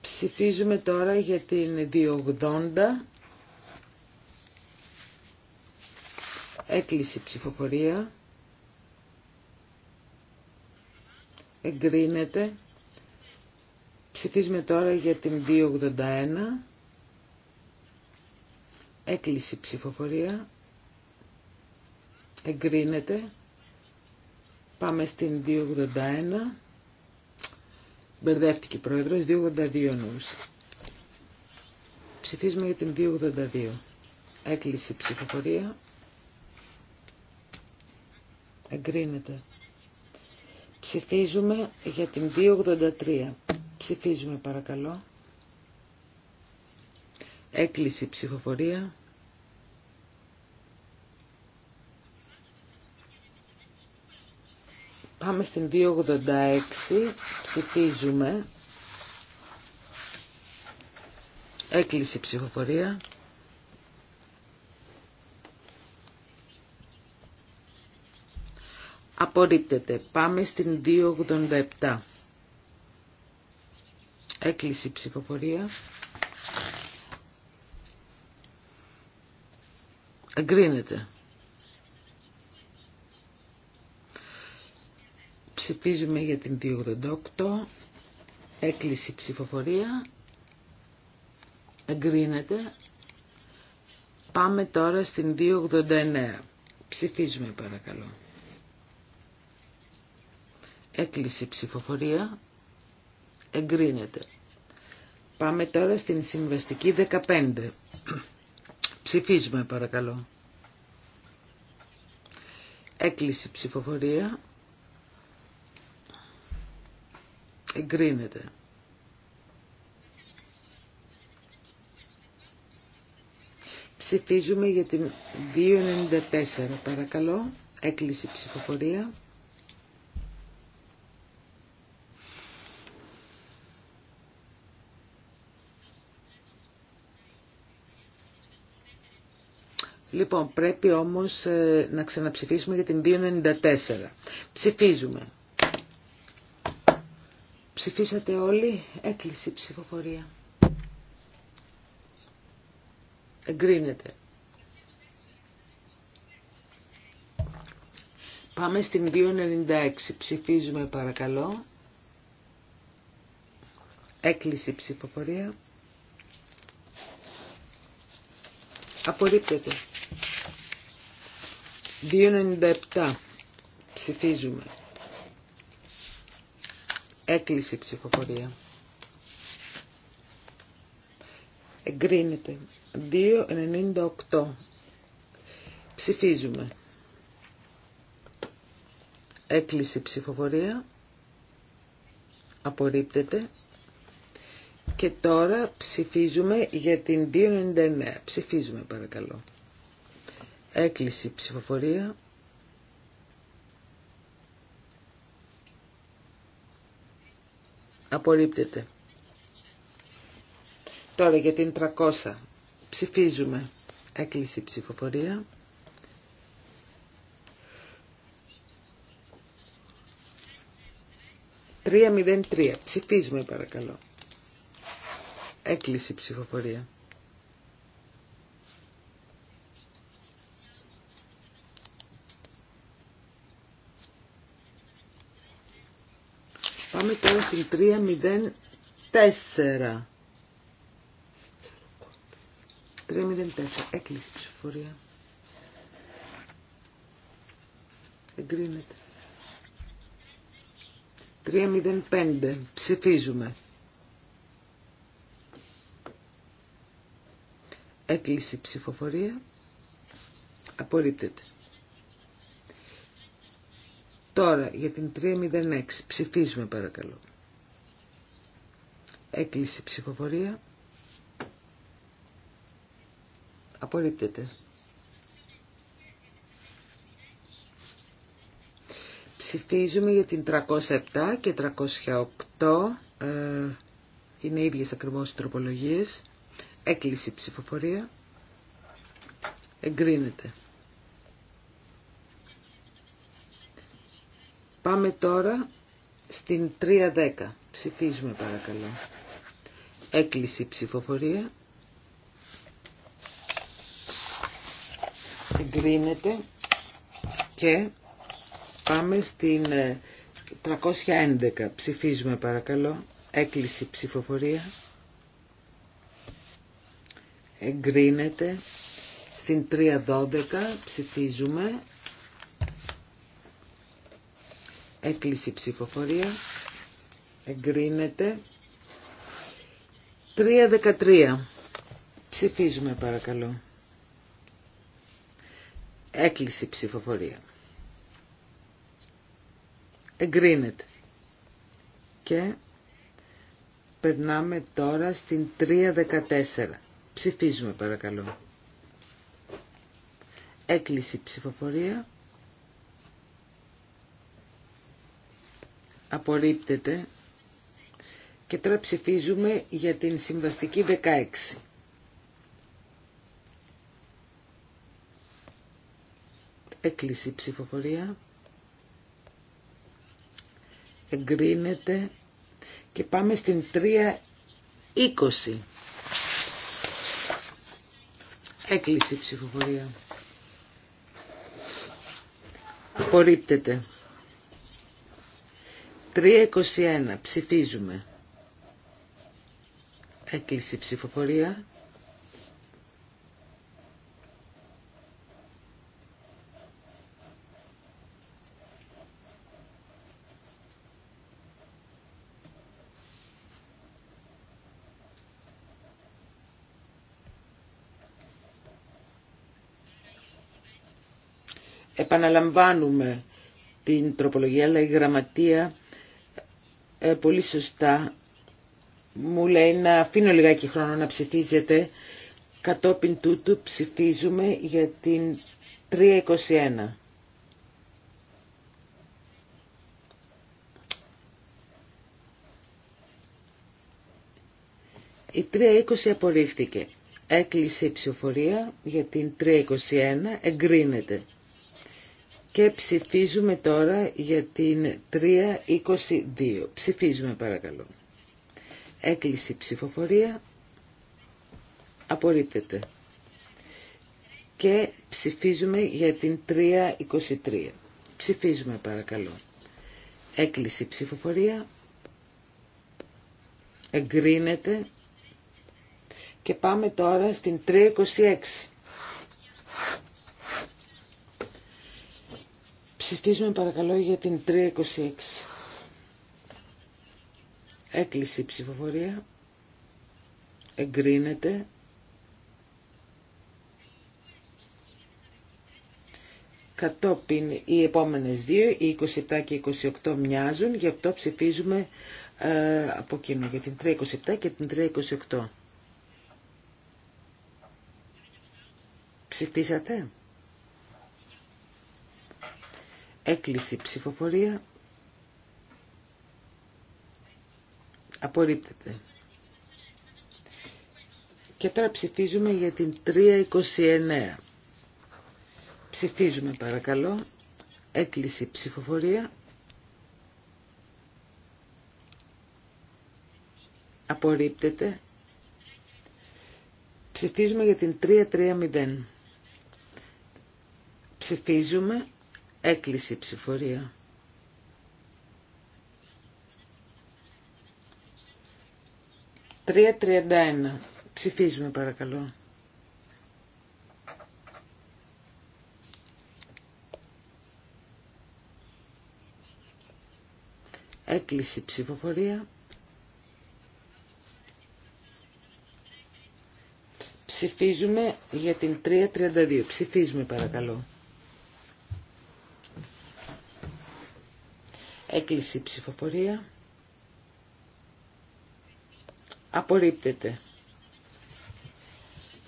Ψηφίζουμε τώρα για την 280. Έκλεισε η ψηφοφορία. Εγκρίνεται. Ψηφίζουμε τώρα για την 281. Έκλεισε η ψηφοφορία. Εγκρίνεται. Πάμε στην 281. Μπερδεύτηκε η πρόεδρος. 282 νους. Ψηφίζουμε για την 282. Έκλεισε η ψηφοφορία. Εγκρίνεται. Ψηφίζουμε για την 283. Ψηφίζουμε παρακαλώ. Έκλειση ψηφοφορία. Πάμε στην 286. Ψηφίζουμε. Έκλειση ψηφοφορία. Απορρίπτεται. Πάμε στην 287. Έκλεισε η ψηφοφορία. Εγκρίνεται. Ψηφίζουμε για την 288. Έκλεισε η ψηφοφορία. Εγκρίνεται. Πάμε τώρα στην 289. Ψηφίζουμε παρακαλώ. Έκλειση ψηφοφορία. Εγκρίνεται. Πάμε τώρα στην συμβαστική 15. Ψηφίζουμε παρακαλώ. Έκλειση ψηφοφορία. Εγκρίνεται. Ψηφίζουμε για την 294. Παρακαλώ. Έκλειση ψηφοφορία. Λοιπόν, πρέπει όμως ε, να ξαναψηφίσουμε για την 294. Ψηφίζουμε. Ψηφίσατε όλοι. Έκλεισε η ψηφοφορία. Εγκρίνεται. Πάμε στην 296. Ψηφίζουμε παρακαλώ. Έκλεισε η ψηφοφορία. Απορρίπτεται. 2.97. Ψηφίζουμε. Έκλεισε η ψηφοφορία. Εγκρίνεται. 2.98. Ψηφίζουμε. Έκλεισε η ψηφοφορία. Απορρίπτεται. Και τώρα ψηφίζουμε για την 299. Ψηφίζουμε παρακαλώ. Έκλειση ψηφοφορία. Απορρίπτεται. Τώρα για την 300. Ψηφίζουμε. Έκλειση ψηφοφορία. Τρία μηδέν τρία. Ψηφίζουμε παρακαλώ. Έκλεισε η ψηφοφορία. Πάμε τώρα στην 304. 304. Έκλεισε η ψηφοφορία. Εγκρίνεται. 305. Ψηφίζουμε. Έκλεισε η ψηφοφορία. Απορρίπτεται. Τώρα για την 306. Ψηφίζουμε παρακαλώ. Έκλεισε η ψηφοφορία. Απορρίπτεται. Ψηφίζουμε για την 307 και 308. Ε, είναι ίδιες ακριβώς τροπολογίες. Έκλεισε ψηφοφορία. Εγκρίνεται. Πάμε τώρα στην 310. Ψηφίζουμε παρακαλώ. Έκλεισε ψηφοφορία. Εγκρίνεται. Και πάμε στην 311. Ε, Ψηφίζουμε παρακαλώ. Έκλεισε ψηφοφορία εγκρίνεται. Στην 312 ψηφίζουμε. Έκλειση ψηφοφορία. Εγκρίνεται. 313. Ψηφίζουμε παρακαλώ. Έκλειση ψηφοφορία. Εγκρίνεται. Και περνάμε τώρα στην 314. Ψηφίζουμε παρακαλώ. Έκλειση ψηφοφορία. Απορρίπτεται. Και τώρα ψηφίζουμε για την συμβαστική 16. Έκλειση ψηφοφορία. Εγκρίνεται. Και πάμε στην 3.20. Έκλεισε η ψηφοφορία. Απορρίπτεται. 321. Ψηφίζουμε. Έκλεισε η ψηφοφορία. επαναλαμβάνουμε την τροπολογία, αλλά η γραμματεία ε, πολύ σωστά μου λέει να αφήνω λιγάκι χρόνο να ψηφίζετε. Κατόπιν τούτου ψηφίζουμε για την 321. Η 320 απορρίφθηκε. Έκλεισε η ψηφοφορία για την 321. Εγκρίνεται. Και ψηφίζουμε τώρα για την 322. Ψηφίζουμε παρακαλώ. Έκλειση ψηφοφορία. Απορρίπτεται. Και ψηφίζουμε για την 323. Ψηφίζουμε παρακαλώ. Έκλειση ψηφοφορία. Εγκρίνεται. Και πάμε τώρα στην 326. Ψηφίζουμε παρακαλώ για την 326. Έκλεισε η ψηφοφορία. Εγκρίνεται. Κατόπιν οι επόμενες δύο, οι 27 και 28 μοιάζουν, γι' αυτό ψηφίζουμε ε, από κοινού για την 327 και την 328. Ψηφίσατε. Έκλειση ψηφοφορία. Απορρίπτεται. Και τώρα ψηφίζουμε για την 329. Ψηφίζουμε παρακαλώ. Έκλειση ψηφοφορία. Απορρίπτεται. Ψηφίζουμε για την 330. Ψηφίζουμε Έκλεισε η ψηφορία. Τρία Ψηφίζουμε παρακαλώ. Έκλεισε ψηφοφορία. Ψηφίζουμε για την 332. Ψηφίζουμε παρακαλώ. Έκλεισε η ψηφοφορία. Απορρίπτεται.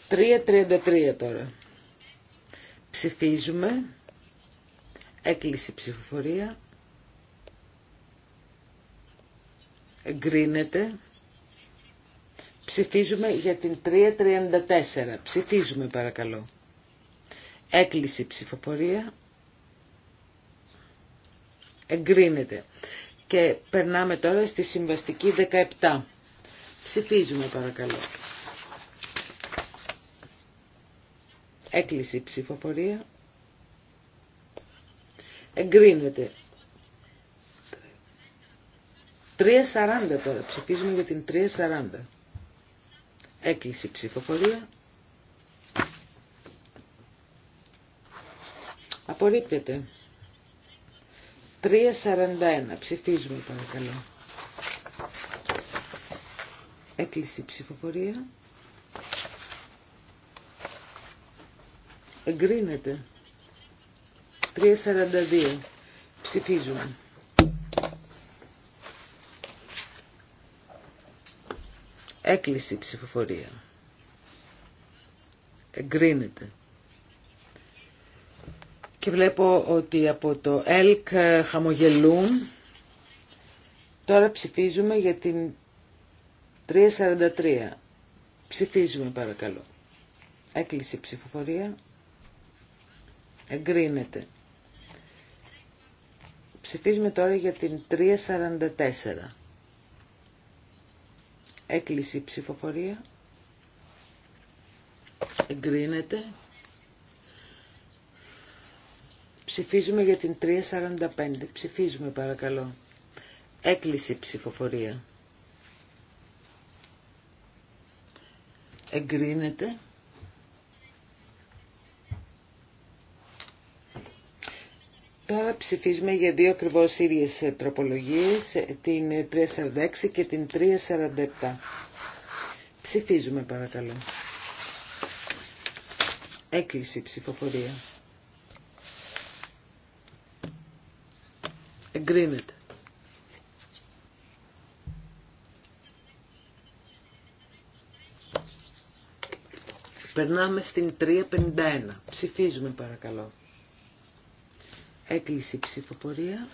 3.33 τώρα. Ψηφίζουμε. Έκλεισε η ψηφοφορία. Εγκρίνεται. Ψηφίζουμε για την 3.34. Ψηφίζουμε παρακαλώ. Έκλεισε η ψηφοφορία εγκρίνεται. Και περνάμε τώρα στη συμβαστική 17. Ψηφίζουμε παρακαλώ. Έκλεισε η ψηφοφορία. Εγκρίνεται. 3.40 τώρα. Ψηφίζουμε για την 3.40. Έκλεισε η ψηφοφορία. Απορρίπτεται. 341. Ψηφίζουμε παρακαλώ. Έκλεισε η ψηφοφορία. Εγκρίνεται. 342. Ψηφίζουμε. Έκλεισε η ψηφοφορία. Εγκρίνεται. Και βλέπω ότι από το ΕΛΚ ε, χαμογελούν. Τώρα ψηφίζουμε για την 343. Ψηφίζουμε παρακαλώ. Έκλεισε η ψηφοφορία. Εγκρίνεται. Ψηφίζουμε τώρα για την 344. Έκλεισε η ψηφοφορία. Εγκρίνεται. Ψηφίζουμε για την 345. Ψηφίζουμε παρακαλώ. Έκλεισε ψηφοφορία. Εγκρίνεται. Τώρα ψηφίζουμε για δύο ακριβώ ίδιε τροπολογίε, την 346 και την 347. Ψηφίζουμε παρακαλώ. Έκλεισε η ψηφοφορία. Εγκρίνεται. Περνάμε στην 351. Ψηφίζουμε παρακαλώ. Έκλεισε η ψηφοφορία.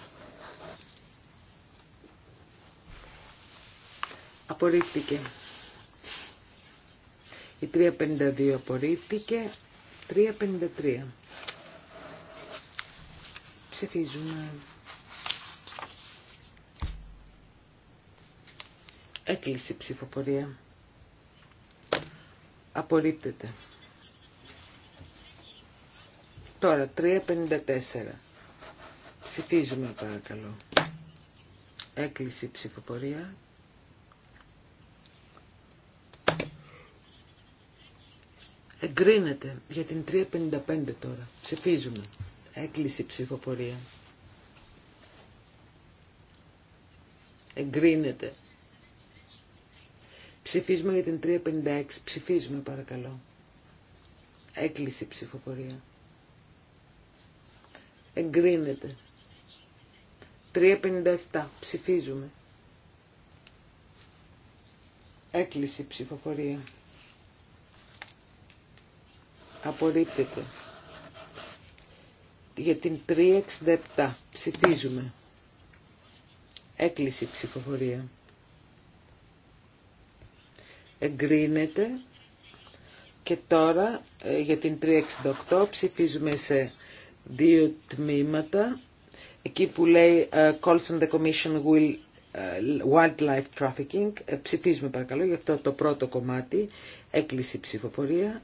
Απορρίφθηκε. Η 352 απορρίφθηκε. 353. Ψηφίζουμε. Έκλεισε η ψηφοφορία. Απορρίπτεται. Τώρα, 3.54. Ψηφίζουμε παρακαλώ. Έκλεισε η ψηφοφορία. Εγκρίνεται για την 3.55 τώρα. Ψηφίζουμε. Έκλεισε η ψηφοφορία. Εγκρίνεται. Ψηφίζουμε για την 356. Ψηφίζουμε παρακαλώ. Έκλεισε η ψηφοφορία. Εγκρίνεται. 357. Ψηφίζουμε. Έκλεισε η ψηφοφορία. Απορρίπτεται. Για την 367. Ψηφίζουμε. Έκλεισε η ψηφοφορία εγκρίνεται και τώρα ε, για την 368 ψηφίζουμε σε δύο τμήματα εκεί που λέει ε, calls on the commission will ε, wildlife trafficking ψηφίζουμε παρακαλώ για αυτό το πρώτο κομμάτι έκλειση ψηφοφορία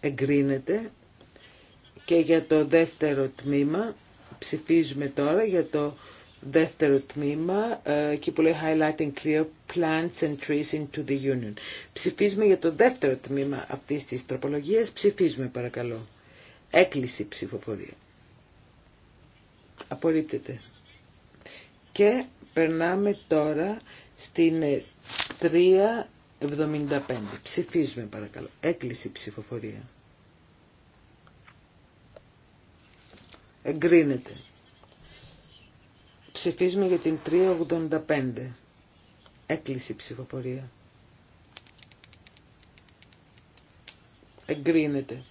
εγκρίνεται και για το δεύτερο τμήμα ψηφίζουμε τώρα για το δεύτερο τμήμα, ε, εκεί που λέει Highlighting Clear Plants and Trees into the Union. Ψηφίζουμε για το δεύτερο τμήμα αυτής της τροπολογίας. Ψηφίζουμε παρακαλώ. Έκλειση ψηφοφορία. Απορρίπτεται. Και περνάμε τώρα στην 3.75. Ε, Ψηφίζουμε παρακαλώ. Έκλειση ψηφοφορία. Εγκρίνεται. Ψηφίζουμε για την 385. Έκλεισε η ψηφοφορία. Εγκρίνεται.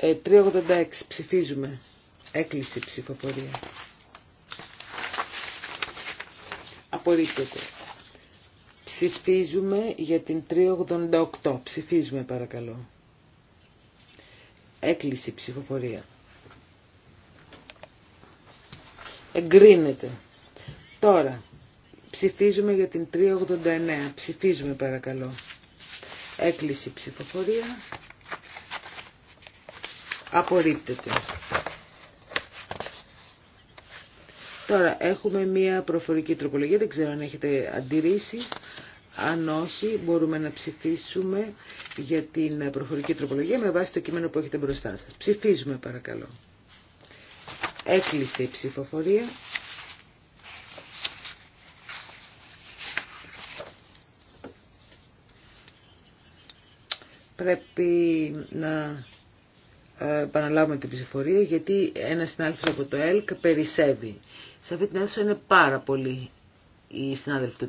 386 ε, ψηφίζουμε. Έκλεισε η ψηφοφορία. Απορρίπτεται. Ψηφίζουμε για την 388. Ψηφίζουμε παρακαλώ. Έκλεισε η ψηφοφορία. Εγκρίνεται. Τώρα, ψηφίζουμε για την 389. Ψηφίζουμε παρακαλώ. Έκλειση ψηφοφορία. Απορρίπτεται. Τώρα, έχουμε μία προφορική τροπολογία. Δεν ξέρω αν έχετε αντιρρήσεις. Αν όχι, μπορούμε να ψηφίσουμε για την προφορική τροπολογία με βάση το κείμενο που έχετε μπροστά σας. Ψηφίζουμε παρακαλώ. Έκλεισε η ψηφοφορία. Πρέπει να ε, επαναλάβουμε την ψηφοφορία γιατί ένα συνάδελφος από το ΕΛΚ περισσεύει. Σε αυτή την αίθουσα είναι πάρα πολύ οι συνάδελφοι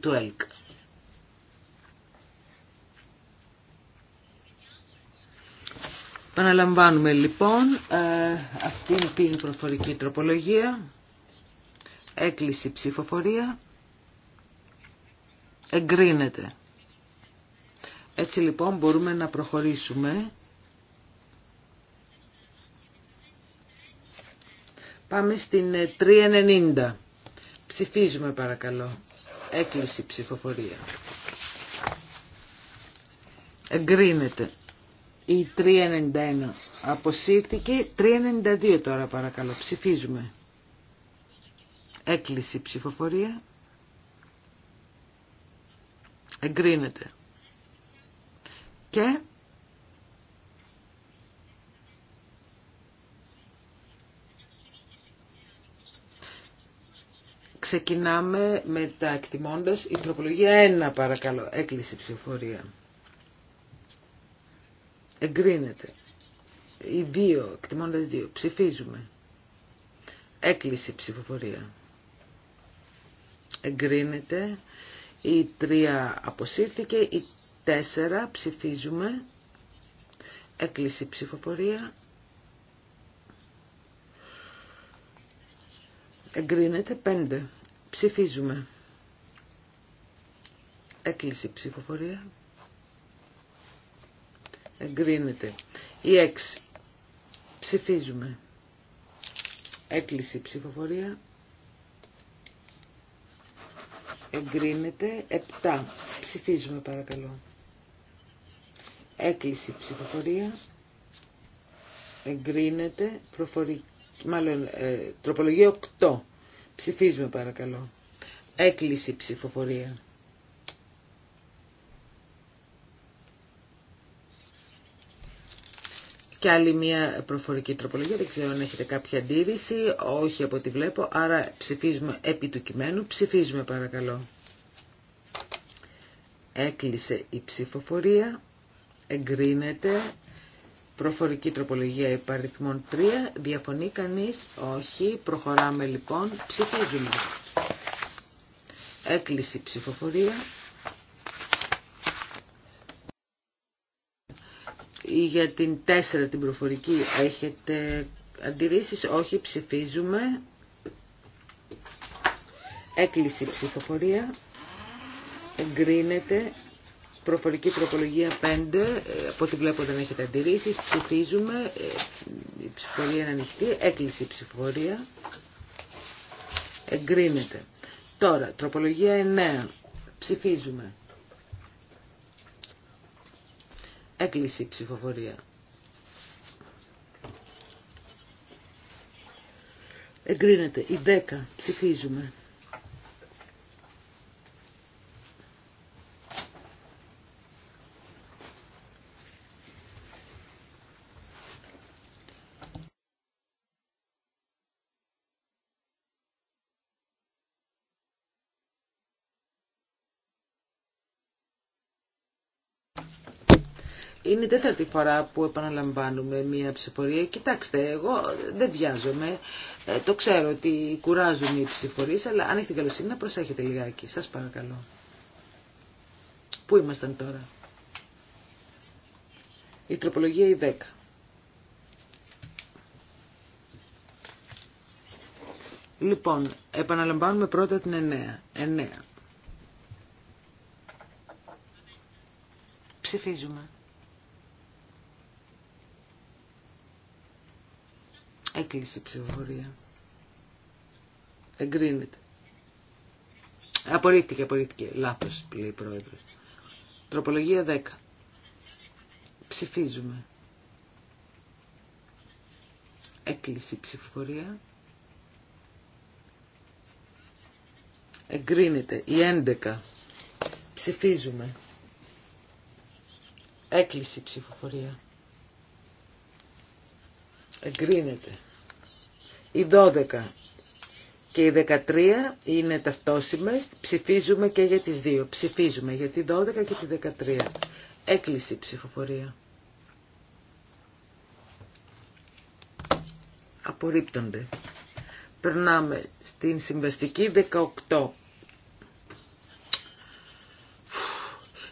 του ΕΛΚ. Παναλαμβάνουμε λοιπόν ε, αυτήν την προφορική τροπολογία. Έκλειση ψηφοφορία. Εγκρίνεται. Έτσι λοιπόν μπορούμε να προχωρήσουμε. Πάμε στην 390. Ε, Ψηφίζουμε παρακαλώ. Έκλειση ψηφοφορία. Εγκρίνεται. Η 391 αποσύρθηκε. 392 τώρα παρακαλώ. Ψηφίζουμε. Έκλεισε η ψηφοφορία. Εγκρίνεται. Και ξεκινάμε με τα εκτιμώντας. Η τροπολογία 1 παρακαλώ. έκλεισε η ψηφοφορία. Εγκρίνεται. Οι δύο, εκτιμώντας δύο. Ψηφίζουμε. Έκλεισε ψηφοφορία. Εγκρίνεται. Η τρία αποσύρθηκε. Η τέσσερα ψηφίζουμε. Έκλεισε ψηφοφορία. Εγκρίνεται. Πέντε. Ψηφίζουμε. Έκλεισε ψηφοφορία εγκρίνεται. Η 6. Ψηφίζουμε. Έκλειση ψηφοφορία. Εγκρίνεται. 7. Ψηφίζουμε παρακαλώ. Έκλειση ψηφοφορία. Εγκρίνεται. Προφορική. Μάλλον ε, τροπολογία 8. Ψηφίζουμε παρακαλώ. Έκλειση ψηφοφορία. Και άλλη μια προφορική τροπολογία, δεν ξέρω αν έχετε κάποια αντίρρηση, όχι από ό,τι βλέπω, άρα ψηφίζουμε επί του κειμένου, ψηφίζουμε παρακαλώ. Έκλεισε η ψηφοφορία, εγκρίνεται, προφορική τροπολογία υπαριθμών 3, διαφωνεί κανείς, όχι, προχωράμε λοιπόν, ψηφίζουμε. Έκλεισε η ψηφοφορία. Ή για την 4 την προφορική έχετε αντιρρήσεις. Όχι, ψηφίζουμε. Έκλειση ψηφοφορία. Εγκρίνεται. Προφορική τροπολογία 5. Ε, από ό,τι βλέπω δεν έχετε αντιρρήσεις. Ψηφίζουμε. Ε, η ψηφοφορία είναι ανοιχτή. Έκλειση ψηφοφορία. Εγκρίνεται. Τώρα, τροπολογία 9. Ψηφίζουμε. Έκλεισε η ψηφοφορία. Εγκρίνεται. Η 10. Ψηφίζουμε. είναι η τέταρτη φορά που επαναλαμβάνουμε μια ψηφορία. Κοιτάξτε, εγώ δεν βιάζομαι. Ε, το ξέρω ότι κουράζουν οι ψηφορίες, αλλά αν έχετε καλοσύνη να προσέχετε λιγάκι. Σας παρακαλώ. Πού ήμασταν τώρα. Η τροπολογία η 10. Λοιπόν, επαναλαμβάνουμε πρώτα την 9. 9. Ψηφίζουμε. Έκλεισε η ψηφοφορία. Εγκρίνεται. Απορρίφθηκε, απορρίφθηκε. Λάθος, λέει η Πρόεδρος. Τροπολογία 10. Ψηφίζουμε. Έκλεισε η ψηφοφορία. Εγκρίνεται. Η 11. Ψηφίζουμε. Έκλεισε η ψηφοφορία εγκρίνεται. Η 12 και η 13 είναι ταυτόσιμες, ψηφίζουμε και για τις δύο. Ψηφίζουμε για τη 12 και τη 13. Έκλεισε η ψηφοφορία. Απορρίπτονται. Περνάμε στην συμβαστική 18.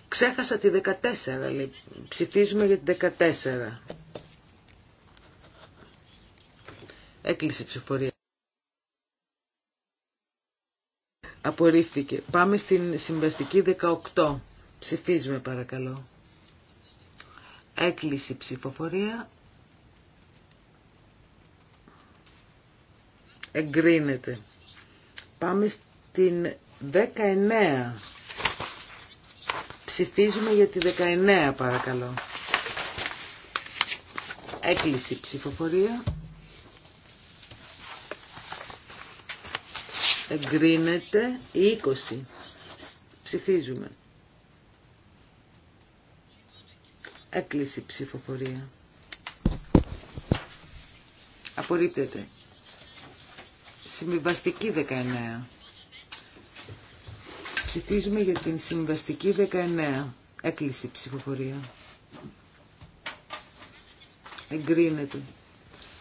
Ξέχασα τη 14, λέει. Ψηφίζουμε για τη 14. Έκλεισε η ψηφορία. Απορρίφθηκε. Πάμε στην συμβαστική 18. Ψηφίζουμε παρακαλώ. Έκλεισε η ψηφοφορία. Εγκρίνεται. Πάμε στην 19. Ψηφίζουμε για τη 19 παρακαλώ. Έκλεισε η ψηφοφορία. εγκρίνεται 20. Ψηφίζουμε. Έκλεισε η ψηφοφορία. Απορρίπτεται. Συμβιβαστική 19. Ψηφίζουμε για την συμβιβαστική 19. Έκλεισε ψηφοφορία. Εγκρίνεται.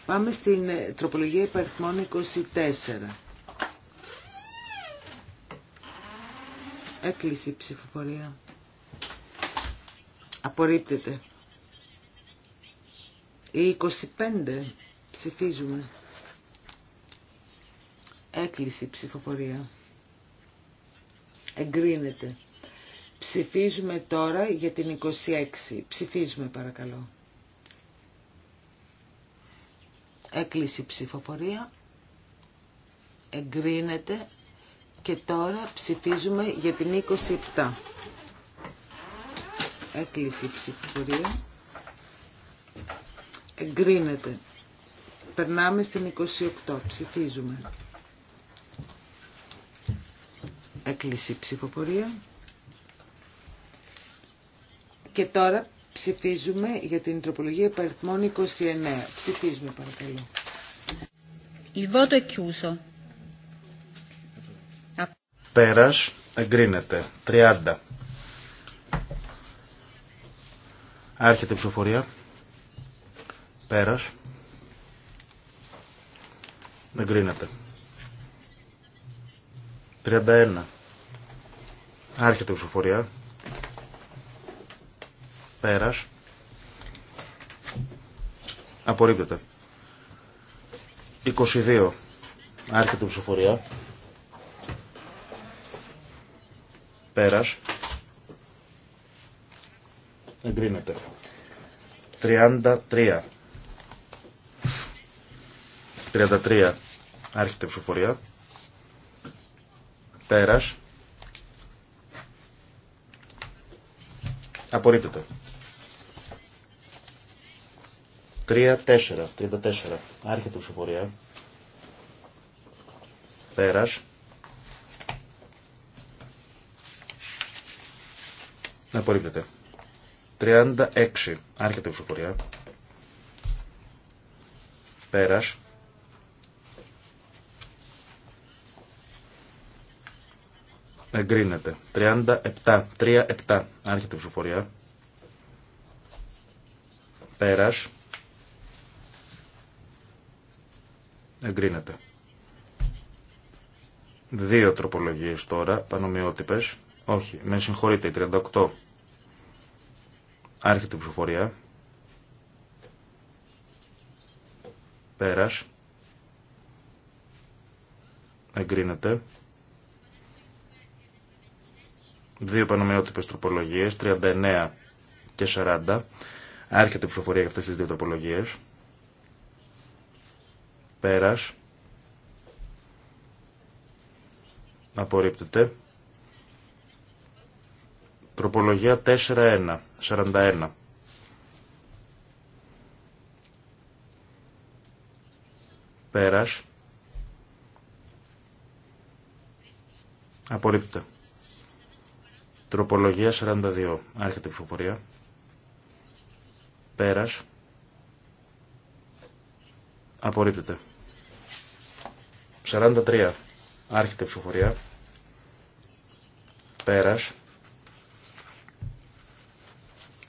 Πάμε στην ε, τροπολογία υπαριθμών 24. Έκλεισε η ψηφοφορία. Απορρίπτεται. Η 25 ψηφίζουμε. Έκλεισε η ψηφοφορία. Εγκρίνεται. Ψηφίζουμε τώρα για την 26. Ψηφίζουμε παρακαλώ. Έκλεισε η ψηφοφορία. Εγκρίνεται και τώρα ψηφίζουμε για την 27. Έκλεισε η ψηφοφορία. Εγκρίνεται. Περνάμε στην 28. Ψηφίζουμε. Έκλεισε η ψηφοφορία. Και τώρα ψηφίζουμε για την τροπολογία υπαριθμών 29. Ψηφίζουμε παρακαλώ. Il Πέρας. Εγκρίνεται. 30. Άρχεται η ψηφοφορία. Πέρας. Εγκρίνεται. 31. Άρχεται η ψηφοφορία. Πέρας. Απορρίπτεται. 22. Άρχεται η ψηφοφορία. Πέρας. Εγκρίνεται. 33. 33. Άρχεται η ψηφοφορία. Πέρας. Απορρίπτεται. 3-4. 34. Άρχεται η ψηφοφορία. Πέρας. Να απορρίπτεται. 36. Άρχεται η ψηφοφορία. ψηφοφορία. Εγκρίνεται. 37. 37. Άρχεται η ψηφοφορία. περα Εγκρίνεται. Δύο τροπολογίες τώρα, πανομοιότυπες. Όχι, με συγχωρείτε, 38 Άρχεται η ψηφοφορία. Πέρας. Εγκρίνεται. Δύο πανομοιότυπες τροπολογίες, 39 και 40. Άρχεται η ψηφοφορία για αυτές τις δύο τροπολογίες. Πέρας. Απορρίπτεται. Τροπολογία 4-1, 41. Πέρας. Απορρίπτεται. Τροπολογία 42. Άρχεται η ψηφοφορία. Πέρας. Απορρίπτεται. 43. Άρχεται η ψηφοφορία. Πέρας.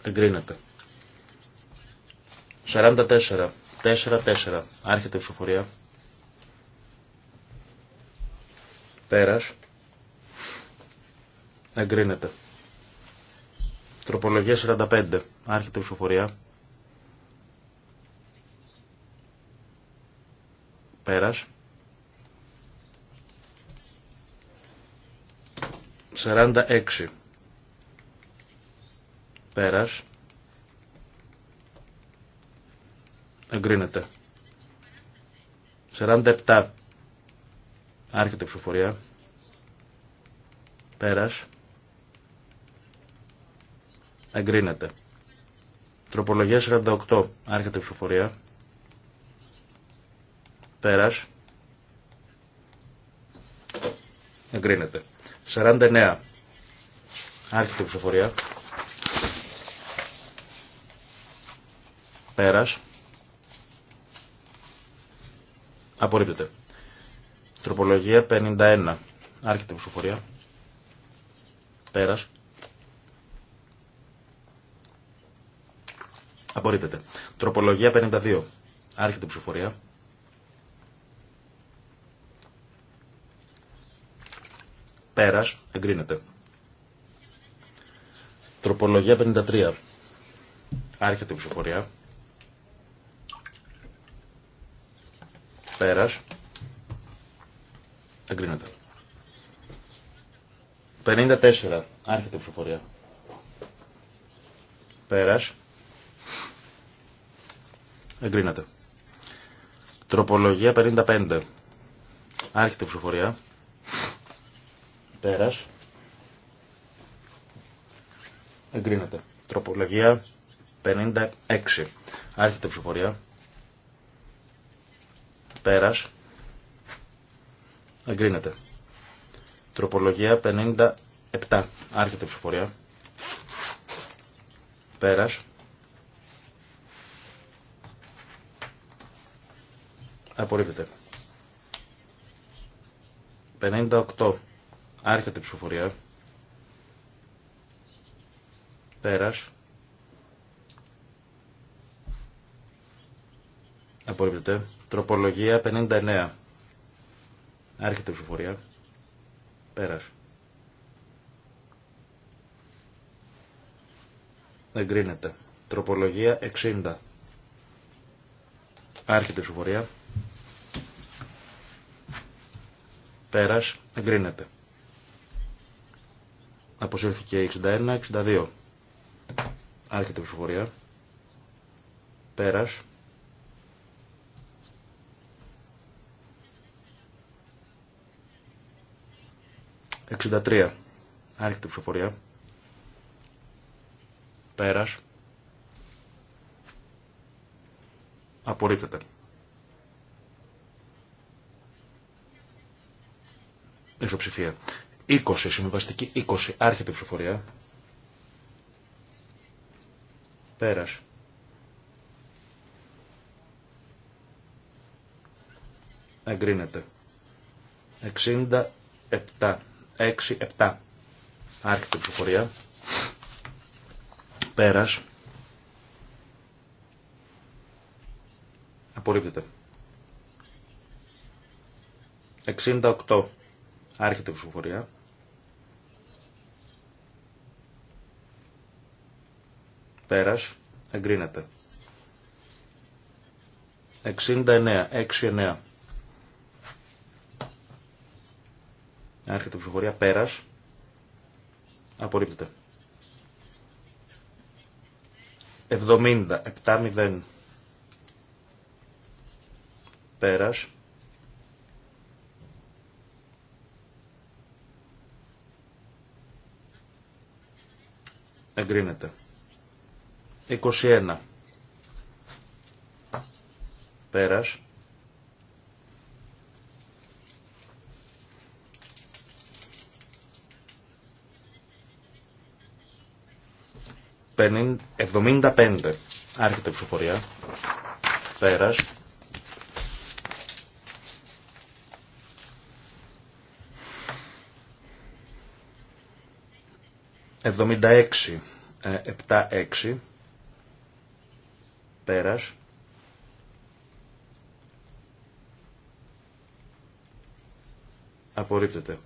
Εγκρίνεται. 44. 4-4. Άρχεται η ψηφοφορία. Πέρας. Εγκρίνεται. Τροπολογία 45. Άρχεται η ψηφοφορία. Πέρας. 46. Πέρας. Εγκρίνεται. 47. Άρχεται η ψηφοφορία. Πέρας. Εγκρίνεται. Τροπολογία 48. Άρχεται η ψηφοφορία. Πέρας. Εγκρίνεται. 49. Άρχεται η ψηφοφορία. Πέρας. Απορρίπτεται. Τροπολογία 51. Άρχεται η ψηφοφορία. Πέρας. Απορρίπτεται. Τροπολογία 52. Άρχεται η ψηφοφορία. Πέρας. Εγκρίνεται. Τροπολογία 53. Άρχεται η ψηφοφορία. Πέρας. Εγκρίνεται. 54. Άρχεται η ψηφοφορία. Πέρας. Εγκρίνεται. Τροπολογία 55. Άρχεται η ψηφοφορία. Πέρας. Εγκρίνεται. Τροπολογία 56. Άρχεται η ψηφοφορία. Πέρας. Αγκρίνεται. Τροπολογία 57. Άρχεται η ψηφοφορία. Πέρας. Απορρίπτεται. 58. Άρχεται η ψηφοφορία. Πέρας. Απορρίπτεται. Τροπολογία 59. Άρχεται η ψηφοφορία. Πέρας. Εγκρίνεται. Τροπολογία 60. Άρχεται η ψηφοφορία. Πέρας. Εγκρίνεται. Αποσύρθηκε 61, 62. Άρχεται η ψηφοφορία. Πέρας. 63. Άρχεται η ψηφοφορία. Πέρας. Απορρίπτεται. Ισοψηφία. 20, συμβιβαστική 20, άρχεται η ψηφοφορία. Πέρας. Εγκρίνεται. 67, 6-7. Άρχεται η ψηφοφορία. Πέρας. Απορρίπτεται. 68. Άρχεται η ψηφοφορία. Πέρας. Εγκρίνεται. 69. 6-9. έρχεται η ψηφοφορία πέρας. Απορρίπτεται. 70, 70-70 πέρα. Πέρας. Εγκρίνεται. 21. Πέρας. 75. Άρχεται η ψηφοφορία. Πέρας. Εβδομήντα έξι. Ε, επτά έξι. Πέρας. Απορρίπτεται.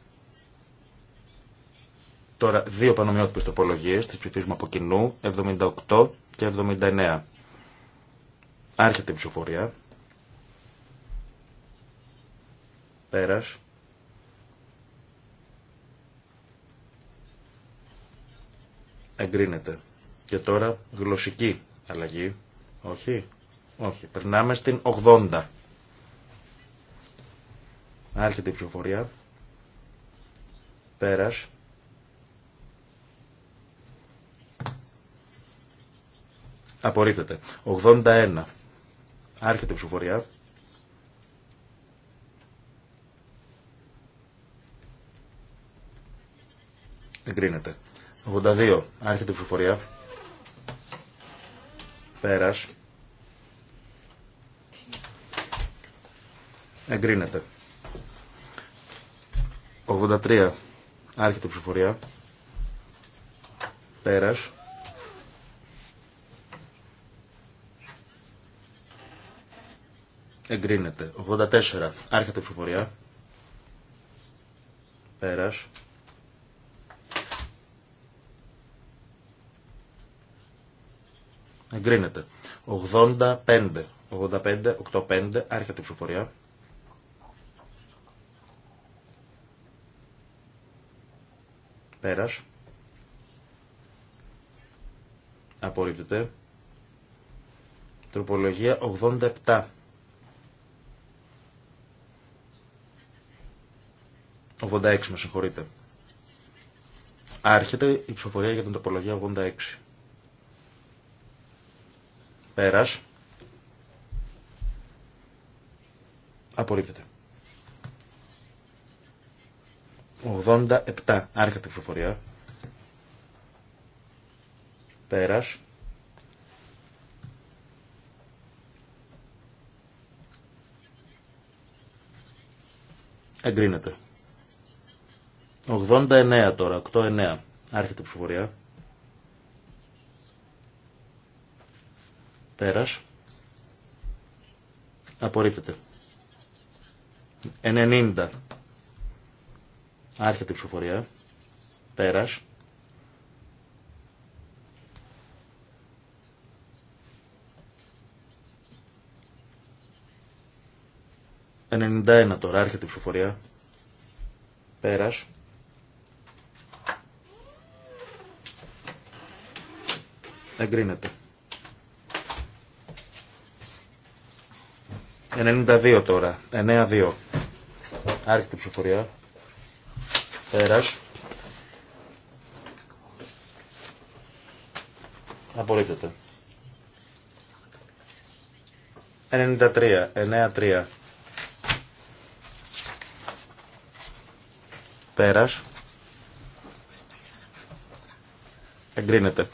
Τώρα δύο πανομοιότυπες τροπολογίες. τις ψηφίζουμε από κοινού, 78 και 79. Άρχεται η ψηφοφορία. Πέρας. Εγκρίνεται. Και τώρα γλωσσική αλλαγή. Όχι. Όχι. Περνάμε στην 80. Άρχεται η ψηφοφορία. Πέρας. Απορρίπτεται. 81. Άρχεται η ψηφοφορία. Εγκρίνεται. 82. Άρχεται η ψηφοφορία. Πέρας. Εγκρίνεται. 83. Άρχεται η ψηφοφορία. Πέρας. Εγκρίνεται. 84. Άρχεται η ψηφοφορία. Πέρας. Εγκρίνεται. 85. 85, 85, άρχεται η ψηφοφορία. Πέρας. Απορρίπτεται. Τροπολογία 87. 86 με συγχωρείτε. Άρχεται η ψηφοφορία για την τοπολογία 86. Πέρας. Απορρίπτεται. 87. Άρχεται η ψηφοφορία. Πέρας. Εγκρίνεται. 89 τώρα, 8-9. Άρχεται η ψηφοφορία. Πέρας. Απορρίπτεται. 90. Άρχεται η ψηφοφορία. Πέρας. Ενενήντα τώρα, άρχεται η ψηφοφορία. Πέρας. Εγκρίνεται. 92 τώρα. 9-2. Άρχεται η ψηφορία. Πέρας. Απορρίπτεται. 93. 9-3. Πέρας. Εγκρίνεται.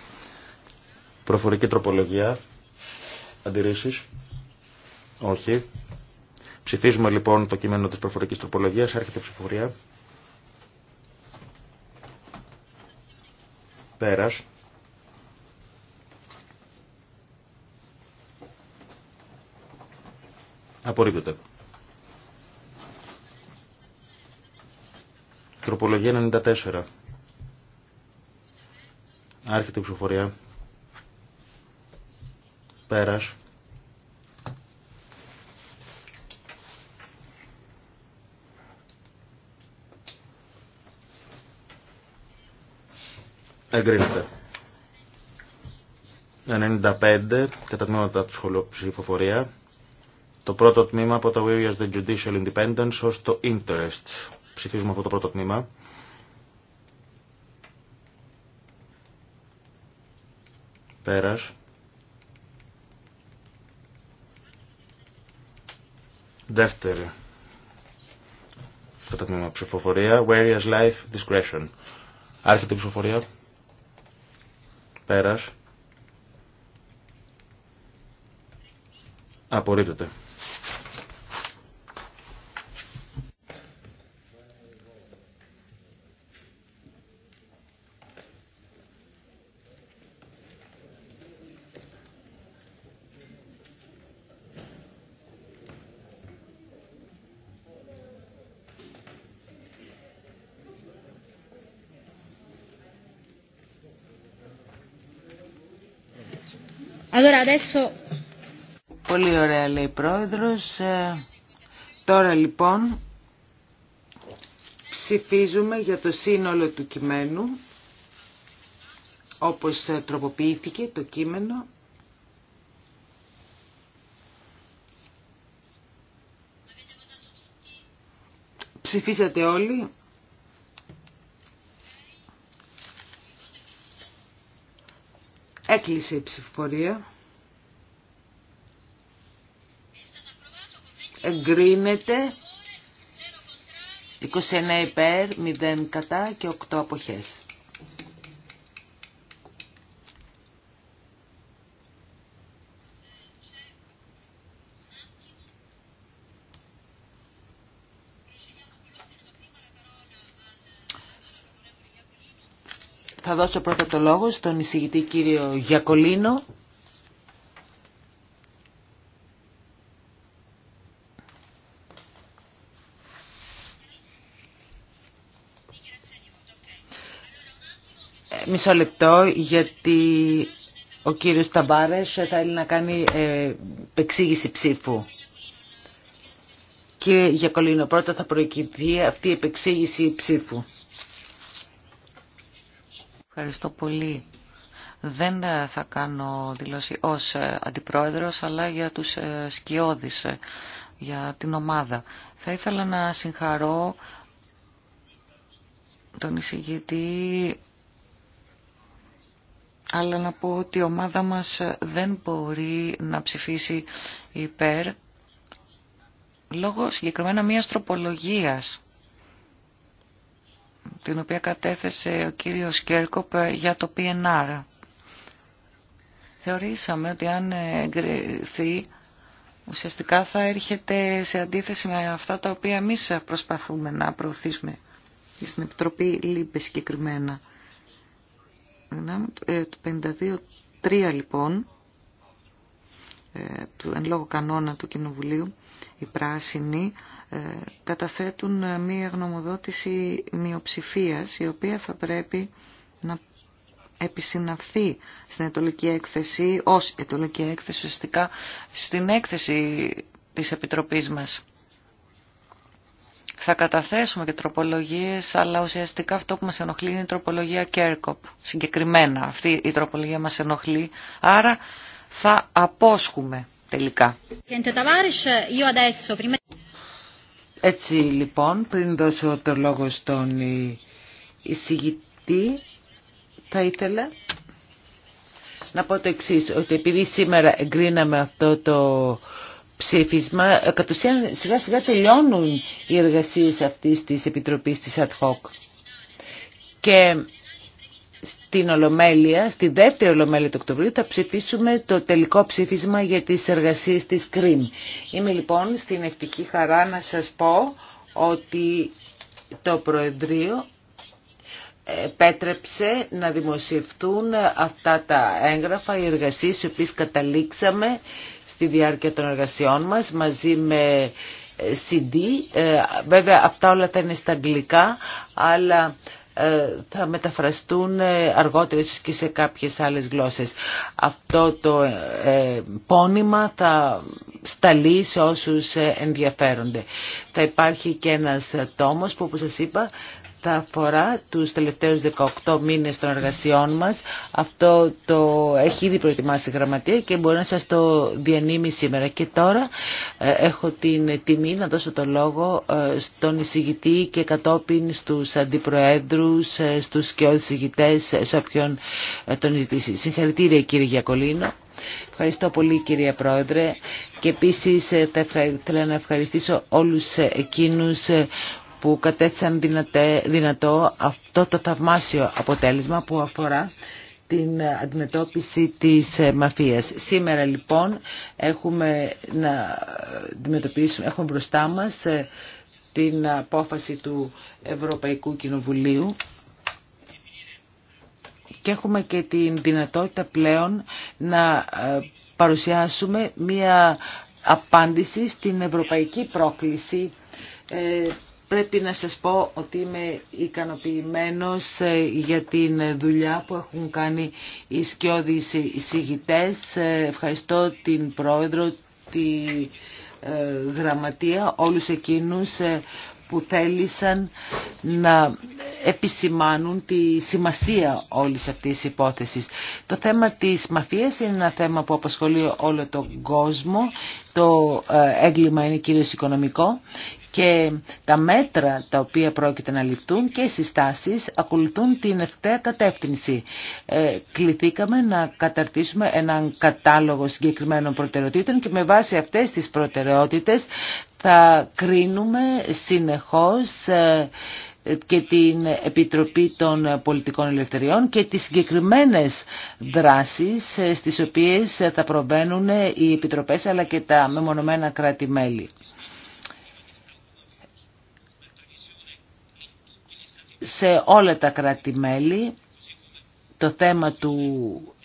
Προφορική τροπολογία. αντιρρήσει. Όχι. Ψηφίζουμε λοιπόν το κείμενο της προφορικής τροπολογίας. Άρχεται ψηφοφορία. Πέρα. Απορρίπτεται. Τροπολογία 94. Άρχεται η ψηφοφορία. Πέρας. Εγκρίνεται. 95 κατά τμήματα ψηφοφορία. Το πρώτο τμήμα από το We the Judicial Independence ως το Interest. Ψηφίζουμε αυτό το πρώτο τμήμα. Πέρας. Δεύτερη. Κατά τμήμα ψηφοφορία. Where is life discretion. Άρχεται η ψηφοφορία. Πέρας. Απορρίπτεται. Allora adesso... Πολύ ωραία λέει η πρόεδρος. Ε, τώρα λοιπόν ψηφίζουμε για το σύνολο του κειμένου όπως ε, τροποποιήθηκε το κείμενο. Ψηφίσατε όλοι. Έκλεισε η ψηφοφορία. Εγκρίνεται 29 υπέρ, 0 κατά και 8 αποχές. δώσω πρώτα το λόγο στον εισηγητή κύριο Γιακολίνο. Ε, μισό λεπτό γιατί ο κύριος Ταμπάρες θέλει να κάνει ε, επεξήγηση ψήφου. Κύριε Γιακολίνο, πρώτα θα προηγηθεί αυτή η επεξήγηση ψήφου. Ευχαριστώ πολύ. Δεν ε, θα κάνω δηλώση ως ε, αντιπρόεδρος, αλλά για τους ε, σκιώδεις, για την ομάδα. Θα ήθελα να συγχαρώ τον εισηγητή, αλλά να πω ότι η ομάδα μας δεν μπορεί να ψηφίσει υπέρ, λόγω συγκεκριμένα μιας τροπολογίας την οποία κατέθεσε ο κύριος Κέρκοπ ε, για το PNR. Θεωρήσαμε ότι αν εγκριθεί ουσιαστικά θα έρχεται σε αντίθεση με αυτά τα οποία εμείς προσπαθούμε να προωθήσουμε στην Επιτροπή ΛΥΜΠΕ συγκεκριμένα. Ε, το 52-3 λοιπόν ε, του εν λόγω κανόνα του Κοινοβουλίου η πράσινη ε, καταθέτουν ε, μία γνωμοδότηση μειοψηφίας η οποία θα πρέπει να επισυναυθεί στην ετολική έκθεση, ως ετολική έκθεση ουσιαστικά, στην έκθεση της Επιτροπής μας. Θα καταθέσουμε και τροπολογίες, αλλά ουσιαστικά αυτό που μας ενοχλεί είναι η τροπολογία Κέρκοπ. Συγκεκριμένα αυτή η τροπολογία μας ενοχλεί, άρα θα απόσχουμε τελικά. Έτσι λοιπόν, πριν δώσω το λόγο στον εισηγητή, θα ήθελα να πω το εξή ότι επειδή σήμερα εγκρίναμε αυτό το ψήφισμα, κατ' ουσίαν σιγά σιγά τελειώνουν οι εργασίες αυτής της Επιτροπής της Ad Και στην Ολομέλεια, στη δεύτερη Ολομέλεια του Οκτωβρίου, θα ψηφίσουμε το τελικό ψήφισμα για τις εργασίες της ΚΡΙΜ. Είμαι λοιπόν στην ευτυχή χαρά να σας πω ότι το Προεδρείο ε, επέτρεψε να δημοσιευτούν αυτά τα έγγραφα, οι εργασίες οι οποίες καταλήξαμε στη διάρκεια των εργασιών μας μαζί με CD. Ε, ε, βέβαια αυτά όλα θα είναι στα αγγλικά, αλλά ε, θα μεταφραστούν ε, αργότερα και σε κάποιες άλλες γλώσσες. Αυτό το ε, πόνημα θα σταλεί σε όσους ενδιαφέρονται. Θα υπάρχει και ένας τόμος που όπως σας είπα αφορά τους τελευταίους 18 μήνες των εργασιών μας. Αυτό το έχει ήδη προετοιμάσει η Γραμματεία και μπορεί να σας το διανύμει σήμερα. Και τώρα ε, έχω την τιμή να δώσω το λόγο ε, στον εισηγητή και κατόπιν στους αντιπροέδρους, ε, στους και όλους εισηγητές, σε όποιον τον ζητήσει. Συγχαρητήρια κύριε Γιακολίνο. Ευχαριστώ πολύ κύριε Πρόεδρε και επίσης θέλω να ευχαριστήσω όλους εκείνους που κατέτσαν δυνατό αυτό το θαυμάσιο αποτέλεσμα που αφορά την αντιμετώπιση της ε, μαφίας. Σήμερα λοιπόν έχουμε, να αντιμετωπίσουμε, έχουμε μπροστά μας ε, την απόφαση του Ευρωπαϊκού Κοινοβουλίου και έχουμε και την δυνατότητα πλέον να ε, παρουσιάσουμε μία απάντηση στην ευρωπαϊκή πρόκληση Πρέπει να σας πω ότι είμαι ικανοποιημένος ε, για την δουλειά που έχουν κάνει οι σκιώδεις εισηγητές. Ε, ευχαριστώ την Πρόεδρο, τη ε, Γραμματεία, όλους εκείνους που θέλησαν να επισημάνουν τη σημασία όλης αυτής της υπόθεσης. Το θέμα της μαφίας είναι ένα θέμα που απασχολεί όλο τον κόσμο. Το ε, έγκλημα είναι κυρίως οικονομικό και τα μέτρα τα οποία πρόκειται να ληφθούν και οι συστάσεις ακολουθούν την ευταία κατεύθυνση. Ε, κληθήκαμε να καταρτήσουμε έναν κατάλογο συγκεκριμένων προτεραιοτήτων και με βάση αυτές τις προτεραιότητες θα κρίνουμε συνεχώς ε, και την Επιτροπή των Πολιτικών Ελευθεριών και τις συγκεκριμένες δράσεις ε, στις οποίες θα προβαίνουν οι Επιτροπές αλλά και τα μεμονωμένα κράτη-μέλη. Σε όλα τα κράτη-μέλη το θέμα του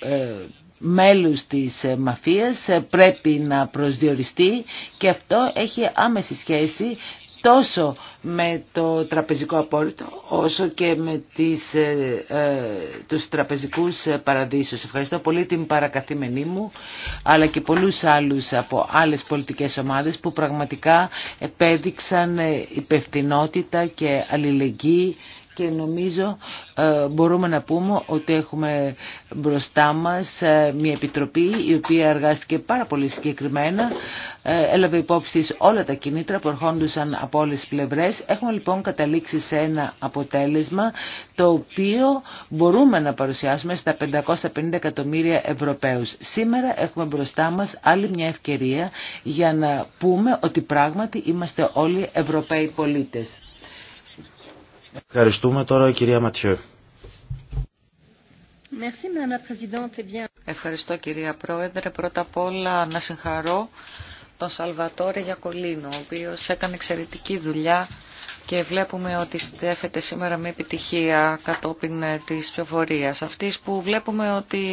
ε, μέλους της ε, μαφίας ε, πρέπει να προσδιοριστεί και αυτό έχει άμεση σχέση τόσο με το τραπεζικό απόλυτο όσο και με τις, ε, ε, τους τραπεζικούς παραδείσους. Ευχαριστώ πολύ την παρακαθήμενή μου αλλά και πολλούς άλλους από άλλες πολιτικές ομάδες που πραγματικά επέδειξαν ε, υπευθυνότητα και αλληλεγγύη και νομίζω ε, μπορούμε να πούμε ότι έχουμε μπροστά μας ε, μια επιτροπή η οποία εργάστηκε πάρα πολύ συγκεκριμένα, ε, έλαβε υπόψη όλα τα κινήτρα που ερχόντουσαν από όλες τις πλευρές. Έχουμε λοιπόν καταλήξει σε ένα αποτέλεσμα το οποίο μπορούμε να παρουσιάσουμε στα 550 εκατομμύρια Ευρωπαίους. Σήμερα έχουμε μπροστά μας άλλη μια ευκαιρία για να πούμε ότι πράγματι είμαστε όλοι Ευρωπαίοι πολίτες. Ευχαριστούμε τώρα η κυρία Ματιού. Eh Ευχαριστώ κυρία Πρόεδρε. Πρώτα απ' όλα να συγχαρώ τον Σαλβατόρε Γιακολίνο, ο οποίος έκανε εξαιρετική δουλειά και βλέπουμε ότι στέφεται σήμερα με επιτυχία κατόπιν ε, της πιοφορίας αυτής που βλέπουμε ότι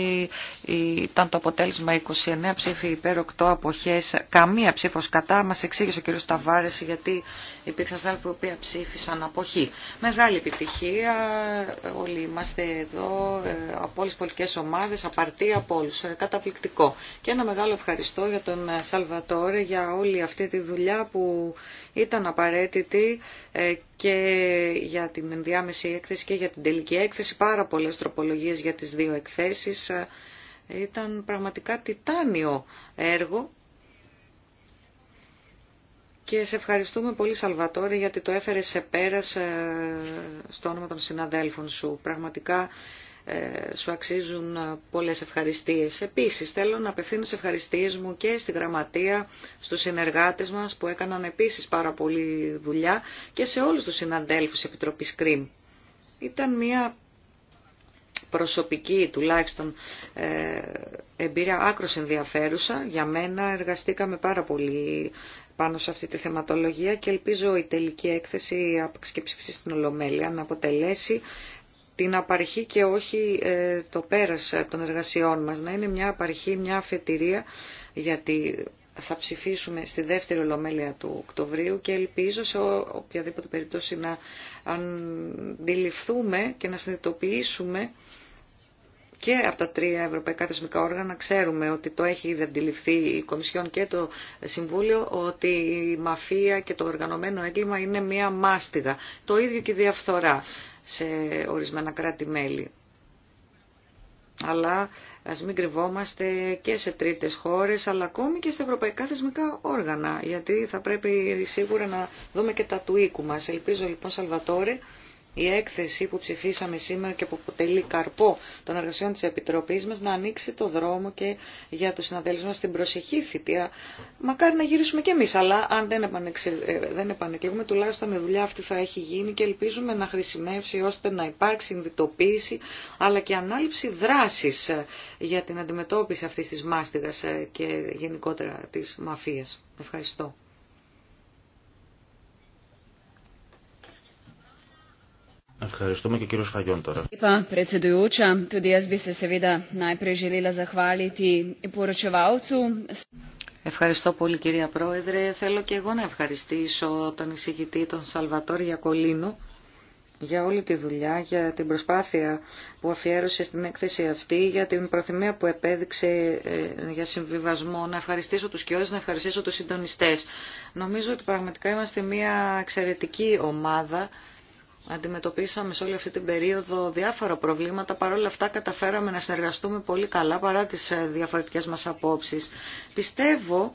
ήταν το αποτέλεσμα 29 ψήφοι υπέρ 8 αποχές, καμία ψήφος κατά, μας εξήγησε ο κ. Σταβάρες γιατί υπήρξαν άλλοι που οποία ψήφισαν αποχή. Μεγάλη επιτυχία, όλοι είμαστε εδώ ε, από όλες τις πολιτικές ομάδες, απαρτία από όλους, ε, καταπληκτικό. Και ένα μεγάλο ευχαριστώ για τον Σαλβατόρε για όλη αυτή τη δουλειά που ήταν απαραίτητη ε, και για την ενδιάμεση έκθεση και για την τελική έκθεση. Πάρα πολλές τροπολογίες για τις δύο εκθέσεις. Ε, ήταν πραγματικά τιτάνιο έργο και σε ευχαριστούμε πολύ Σαλβατόρη γιατί το έφερε σε πέρας ε, στο όνομα των συναδέλφων σου. Πραγματικά ε, σου αξίζουν πολλές ευχαριστίες. Επίσης θέλω να απευθύνω τις ευχαριστίες μου και στη γραμματεία, στους συνεργάτες μας που έκαναν επίσης πάρα πολύ δουλειά και σε όλους τους συναντέλφους Επιτροπής ΚΡΙΜ. Ήταν μια προσωπική τουλάχιστον ε, εμπειρία άκρος ενδιαφέρουσα. Για μένα εργαστήκαμε πάρα πολύ πάνω σε αυτή τη θεματολογία και ελπίζω η τελική έκθεση άποψη και στην Ολομέλεια να αποτελέσει την απαρχή και όχι ε, το πέρας των εργασιών μας. Να είναι μια απαρχή, μια αφετηρία, γιατί θα ψηφίσουμε στη δεύτερη ολομέλεια του Οκτωβρίου και ελπίζω σε οποιαδήποτε περίπτωση να αντιληφθούμε και να συνειδητοποιήσουμε και από τα τρία ευρωπαϊκά θεσμικά όργανα ξέρουμε ότι το έχει ήδη αντιληφθεί η Κομισιόν και το Συμβούλιο ότι η μαφία και το οργανωμένο έγκλημα είναι μία μάστιγα. Το ίδιο και η διαφθορά σε ορισμένα κράτη-μέλη. Αλλά ας μην κρυβόμαστε και σε τρίτες χώρες, αλλά ακόμη και στα ευρωπαϊκά θεσμικά όργανα, γιατί θα πρέπει σίγουρα να δούμε και τα του οίκου μας. Ελπίζω λοιπόν, Σαλβατόρε, η έκθεση που ψηφίσαμε σήμερα και που αποτελεί καρπό των εργασιών της Επιτροπής μας να ανοίξει το δρόμο και για τους συναδέλφους μας στην προσεχή θητεία. Μακάρι να γυρίσουμε κι εμείς, αλλά αν δεν, επανεξε... Ε, δεν τουλάχιστον η δουλειά αυτή θα έχει γίνει και ελπίζουμε να χρησιμεύσει ώστε να υπάρξει συνδυτοποίηση αλλά και ανάληψη δράσης ε, για την αντιμετώπιση αυτής της μάστιγας ε, και γενικότερα της μαφίας. Ευχαριστώ. Ευχαριστούμε και κύριο Σφαγιόν τώρα. Ευχαριστώ πολύ κυρία Πρόεδρε. Θέλω και εγώ να ευχαριστήσω τον εισηγητή τον Σαλβατόρ Γιακολίνου, για όλη τη δουλειά, για την προσπάθεια που αφιέρωσε στην έκθεση αυτή, για την προθυμία που επέδειξε ε, για συμβιβασμό. Να ευχαριστήσω τους κοιόδες, να ευχαριστήσω τους συντονιστές. Νομίζω ότι πραγματικά είμαστε μια εξαιρετική ομάδα αντιμετωπίσαμε σε όλη αυτή την περίοδο διάφορα προβλήματα. παρόλα αυτά καταφέραμε να συνεργαστούμε πολύ καλά παρά τις ε, διαφορετικές μας απόψεις. Πιστεύω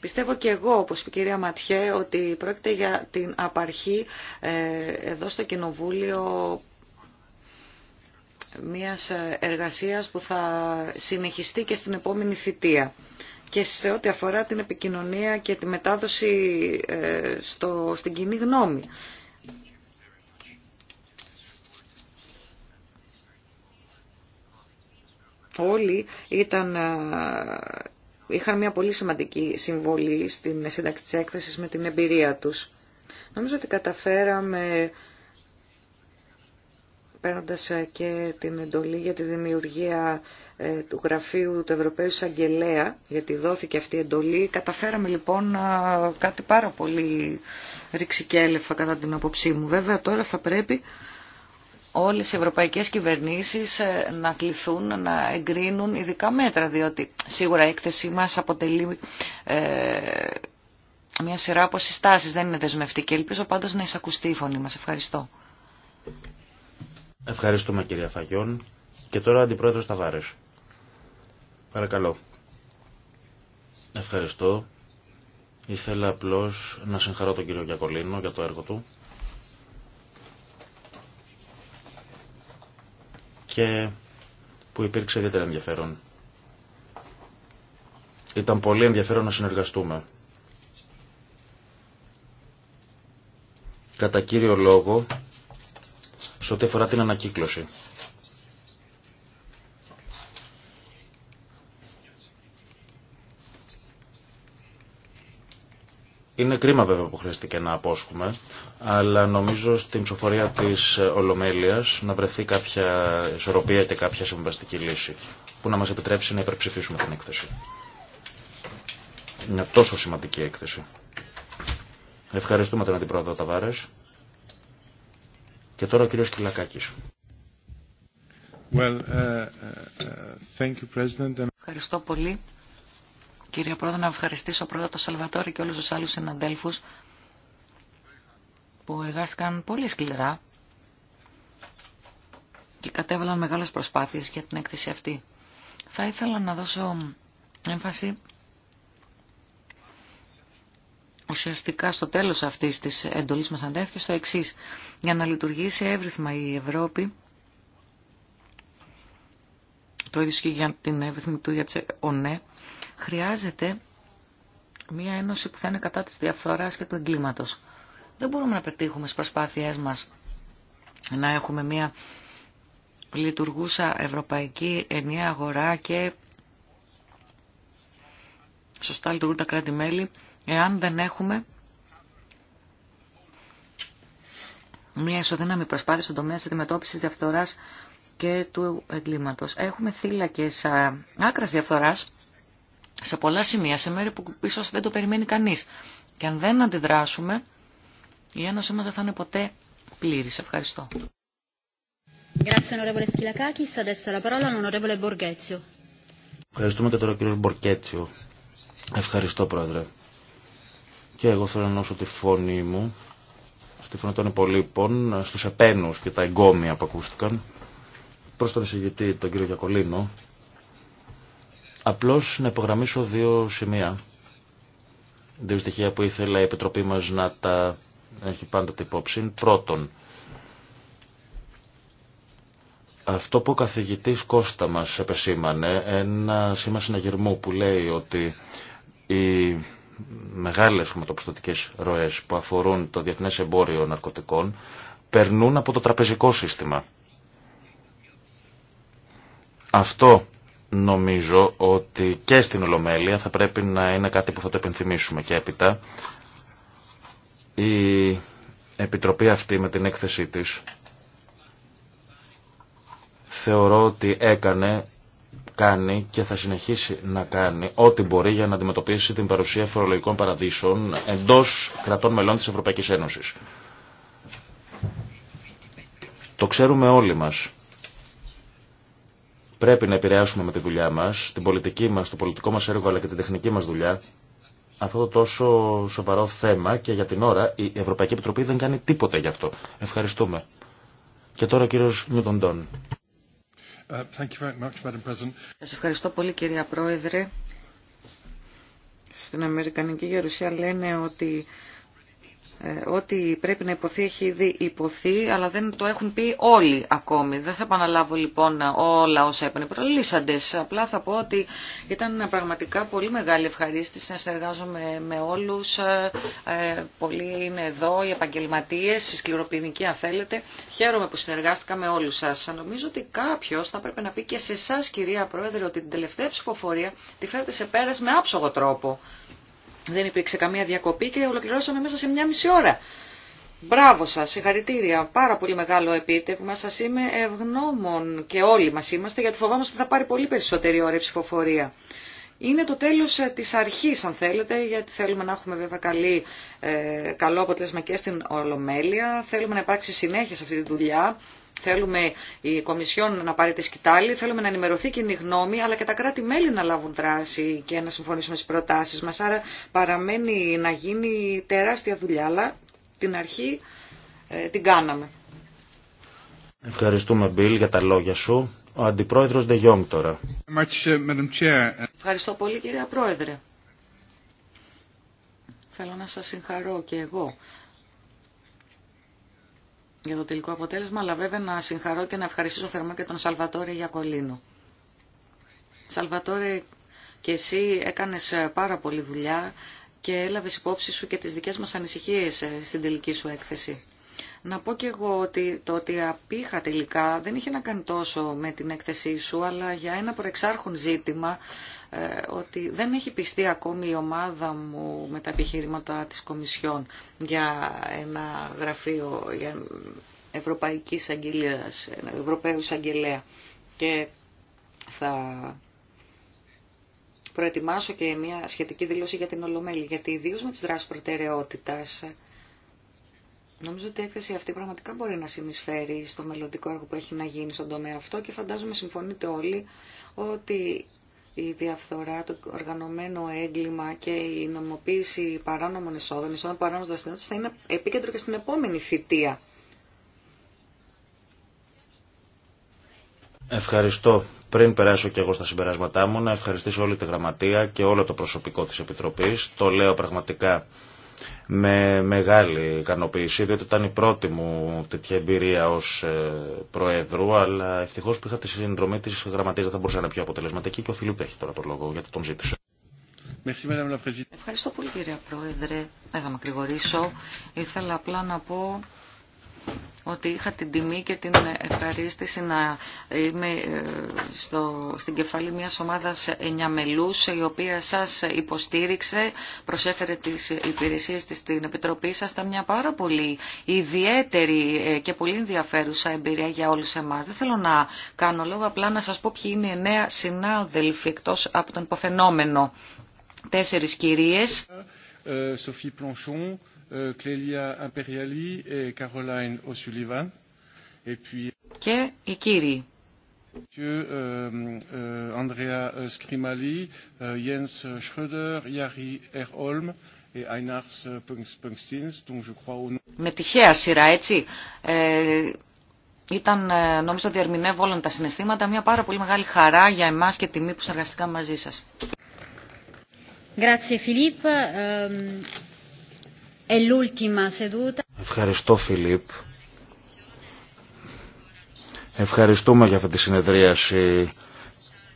Πιστεύω και εγώ, όπως είπε η κυρία Ματιέ, ότι πρόκειται για την απαρχή ε, εδώ στο Κοινοβούλιο μιας ε, εργασίας που θα συνεχιστεί και στην επόμενη θητεία και σε ό,τι αφορά την επικοινωνία και τη μετάδοση στο, στην κοινή γνώμη όλοι ήταν, είχαν μια πολύ σημαντική συμβολή στην σύνταξη της έκθεσης με την εμπειρία τους. Νομίζω ότι καταφέραμε παίρνοντας και την εντολή για τη δημιουργία ε, του γραφείου του Ευρωπαίου Εισαγγελέα, γιατί δόθηκε αυτή η εντολή, καταφέραμε λοιπόν κάτι πάρα πολύ ρηξικέλεφα κατά την απόψή μου. Βέβαια τώρα θα πρέπει όλες οι ευρωπαϊκές κυβερνήσεις ε, να κληθούν να εγκρίνουν ειδικά μέτρα, διότι σίγουρα η έκθεσή μας αποτελεί ε, μια σειρά από συστάσεις, δεν είναι δεσμευτική. Ελπίζω πάντως να εισακουστεί η φωνή μας. Ευχαριστώ. Ευχαριστούμε κυρία Φαγιόν. Και τώρα Αντιπρόεδρος Ταβάρες. Παρακαλώ. Ευχαριστώ. Ήθελα απλώς να συγχαρώ τον κύριο Γιακολίνο για το έργο του και που υπήρξε ιδιαίτερα ενδιαφέρον. Ήταν πολύ ενδιαφέρον να συνεργαστούμε. Κατά κύριο λόγο, σε ό,τι αφορά την ανακύκλωση. Είναι κρίμα βέβαια που χρειαστήκε να απόσχουμε, αλλά νομίζω στην ψηφοφορία της Ολομέλειας να βρεθεί κάποια ισορροπία και κάποια συμβαστική λύση που να μας επιτρέψει να υπερψηφίσουμε την έκθεση. Μια τόσο σημαντική έκθεση. Ευχαριστούμε τον Αντιπρόεδρο Ταβάρες. Και τώρα ο κύριος Κυλακάκης. Well, uh, uh, thank you, President. Ευχαριστώ πολύ κύριε Πρόεδρε, να ευχαριστήσω πρώτα τον Σαλβατόρη και όλους τους άλλους συναντέλφους που εργάστηκαν πολύ σκληρά και κατέβαλαν μεγάλες προσπάθειες για την έκθεση αυτή. Θα ήθελα να δώσω έμφαση ουσιαστικά στο τέλος αυτής της εντολής μας αντέθηκε στο εξής. Για να λειτουργήσει εύρυθμα η Ευρώπη, το ίδιο και για την εύρυθμη του για ναι, Χρειάζεται μια ένωση που θα είναι κατά της διαφθοράς και του εγκλήματος. Δεν μπορούμε να πετύχουμε στις προσπάθειές μας να έχουμε μια λειτουργούσα ευρωπαϊκή ενιαία αγορά και σωστά λειτουργούν τα κράτη-μέλη, εάν δεν έχουμε μια ισοδύναμη προσπάθεια στον τομέα της αντιμετώπισης διαφθοράς και του εγκλήματος. Έχουμε θύλακες άκρας διαφθοράς σε πολλά σημεία, σε μέρη που ίσως δεν το περιμένει κανείς. Και αν δεν αντιδράσουμε, η ένωση μας δεν θα είναι ποτέ πλήρης. Ευχαριστώ. Ευχαριστούμε και τώρα ο κύριος Μπορκέτσιο. Ευχαριστώ πρόεδρε. Και εγώ θέλω να νόσω τη φωνή μου, στη φωνή των υπολείπων, στους επένους και τα εγκόμια που ακούστηκαν, προς τον εισηγητή τον κύριο Γιακολίνο, Απλώς να υπογραμμίσω δύο σημεία. Δύο στοιχεία που ήθελα η Επιτροπή μας να τα έχει πάντοτε υπόψη. Πρώτον, αυτό που ο καθηγητής Κώστα μας επεσήμανε, ένα σήμα συναγερμού που λέει ότι οι μεγάλες χρηματοπιστωτικές ροές που αφορούν το διεθνές εμπόριο ναρκωτικών περνούν από το τραπεζικό σύστημα. Αυτό νομίζω ότι και στην Ολομέλεια θα πρέπει να είναι κάτι που θα το επενθυμίσουμε και έπειτα. Η Επιτροπή αυτή με την έκθεσή της θεωρώ ότι έκανε, κάνει και θα συνεχίσει να κάνει ό,τι μπορεί για να αντιμετωπίσει την παρουσία φορολογικών παραδείσων εντός κρατών μελών της Ευρωπαϊκής Ένωσης. Το ξέρουμε όλοι μας πρέπει να επηρεάσουμε με τη δουλειά μας, την πολιτική μας, το πολιτικό μας έργο αλλά και την τεχνική μας δουλειά αυτό το τόσο σοβαρό θέμα και για την ώρα η Ευρωπαϊκή Επιτροπή δεν κάνει τίποτα γι' αυτό. Ευχαριστούμε. Και τώρα ο κύριος Νιούτον Ντόν. Uh, Σας ευχαριστώ πολύ κυρία Πρόεδρε. Στην Αμερικανική Γερουσία λένε ότι ε, ό,τι πρέπει να υποθεί έχει ήδη υποθεί, αλλά δεν το έχουν πει όλοι ακόμη. Δεν θα επαναλάβω λοιπόν όλα όσα έπαιρνε προλύσαντες. Απλά θα πω ότι ήταν πραγματικά πολύ μεγάλη ευχαρίστηση να συνεργάζομαι με όλους. Ε, πολλοί είναι εδώ, οι επαγγελματίε, οι σκληροπυρηνικοί αν θέλετε. Χαίρομαι που συνεργάστηκα με όλους σας. Νομίζω ότι κάποιο θα πρέπει να πει και σε εσά κυρία Πρόεδρε ότι την τελευταία ψηφοφορία τη φέρετε σε πέρας με άψογο τρόπο. Δεν υπήρξε καμία διακοπή και ολοκληρώσαμε μέσα σε μια μισή ώρα. Μπράβο σας, συγχαρητήρια. Πάρα πολύ μεγάλο επίτευγμα. Σας είμαι ευγνώμων και όλοι μας είμαστε γιατί φοβάμαστε ότι θα πάρει πολύ περισσότερη ώρα η ψηφοφορία. Είναι το τέλος ε, της αρχής αν θέλετε γιατί θέλουμε να έχουμε βέβαια καλή, ε, καλό αποτέλεσμα και στην Ολομέλεια. Θέλουμε να υπάρξει συνέχεια σε αυτή τη δουλειά Θέλουμε η Κομισιόν να πάρει τη σκητάλη, θέλουμε να ενημερωθεί κοινή γνώμη, αλλά και τα κράτη-μέλη να λάβουν δράση και να συμφωνήσουμε στις προτάσεις μας. Άρα παραμένει να γίνει τεράστια δουλειά, αλλά την αρχή ε, την κάναμε. Ευχαριστούμε, Μπιλ, για τα λόγια σου. Ο Αντιπρόεδρος Ντεγιόμ τώρα. Ευχαριστώ πολύ, κυρία Πρόεδρε. Θέλω να σας συγχαρώ και εγώ για το τελικό αποτέλεσμα, αλλά βέβαια να συγχαρώ και να ευχαριστήσω θερμά και τον Σαλβατόρη Γιακολίνο. Σαλβατόρη και εσύ έκανες ε, πάρα πολύ δουλειά και έλαβες υπόψη σου και τις δικές μας ανησυχίες ε, στην τελική σου έκθεση. Να πω και εγώ ότι το ότι απήχα τελικά δεν είχε να κάνει τόσο με την έκθεσή σου, αλλά για ένα προεξάρχον ζήτημα, ε, ότι δεν έχει πιστεί ακόμη η ομάδα μου με τα επιχειρήματα της Κομισιόν για ένα γραφείο για Ευρωπαϊκής Αγγελίας, Ευρωπαίου Αγγελέα. Και θα προετοιμάσω και μια σχετική δήλωση για την Ολομέλη, γιατί ιδίω με τις δράσεις προτεραιότητας Νομίζω ότι η έκθεση αυτή πραγματικά μπορεί να συνεισφέρει στο μελλοντικό έργο που έχει να γίνει στον τομέα αυτό και φαντάζομαι συμφωνείτε όλοι ότι η διαφθορά, το οργανωμένο έγκλημα και η νομοποίηση παράνομων εισόδων εισόδων παράνομων δραστηριότητας θα είναι επίκεντρο και στην επόμενη θητεία. Ευχαριστώ. Πριν περάσω και εγώ στα συμπεράσματά μου, να ευχαριστήσω όλη τη γραμματεία και όλο το προσωπικό της Επιτροπής. Το λέω πραγματικά με μεγάλη ικανοποίηση, διότι ήταν η πρώτη μου τέτοια εμπειρία ω ε, Προέδρου, αλλά ευτυχώ που είχα τη συνδρομή τη γραμματεία, θα μπορούσε να είναι πιο αποτελεσματική και ο Φιλίπ έχει τώρα το λόγο, γιατί τον ζήτησε. Ευχαριστώ πολύ κύριε Πρόεδρε. Δεν θα κρηγορήσω. Ήθελα απλά να πω ότι είχα την τιμή και την ευχαρίστηση να είμαι ε, στο, στην κεφαλή μια ομάδα εννιαμελούς, η οποία σα υποστήριξε, προσέφερε τι υπηρεσίε τη στην Επιτροπή σα. Ήταν μια πάρα πολύ ιδιαίτερη ε, και πολύ ενδιαφέρουσα εμπειρία για όλου εμά. Δεν θέλω να κάνω λόγο, απλά να σα πω ποιοι είναι οι νέα συνάδελφοι εκτό από τον υποφαινόμενο. Τέσσερι κυρίε. Πλανσόν, ε, Κλέλια Αμπεριαλή, Καρολάιν Οσουλίβαν. Και η κύριοι. Monsieur euh, euh, Andrea euh, Skrimali, euh, Jens Schröder, Yari Erholm et Einars euh, Pungstins, dont je crois au nom. Με τυχαία σειρά, έτσι. Ε, ήταν, ε, νομίζω, ότι ερμηνεύω όλα τα συναισθήματα, μια πάρα πολύ μεγάλη χαρά για εμά και τιμή που συνεργαστήκαμε μαζί σα. Grazie Philippe. Ehm, Ευχαριστώ Φιλίπ. Ευχαριστούμε για αυτή τη συνεδρίαση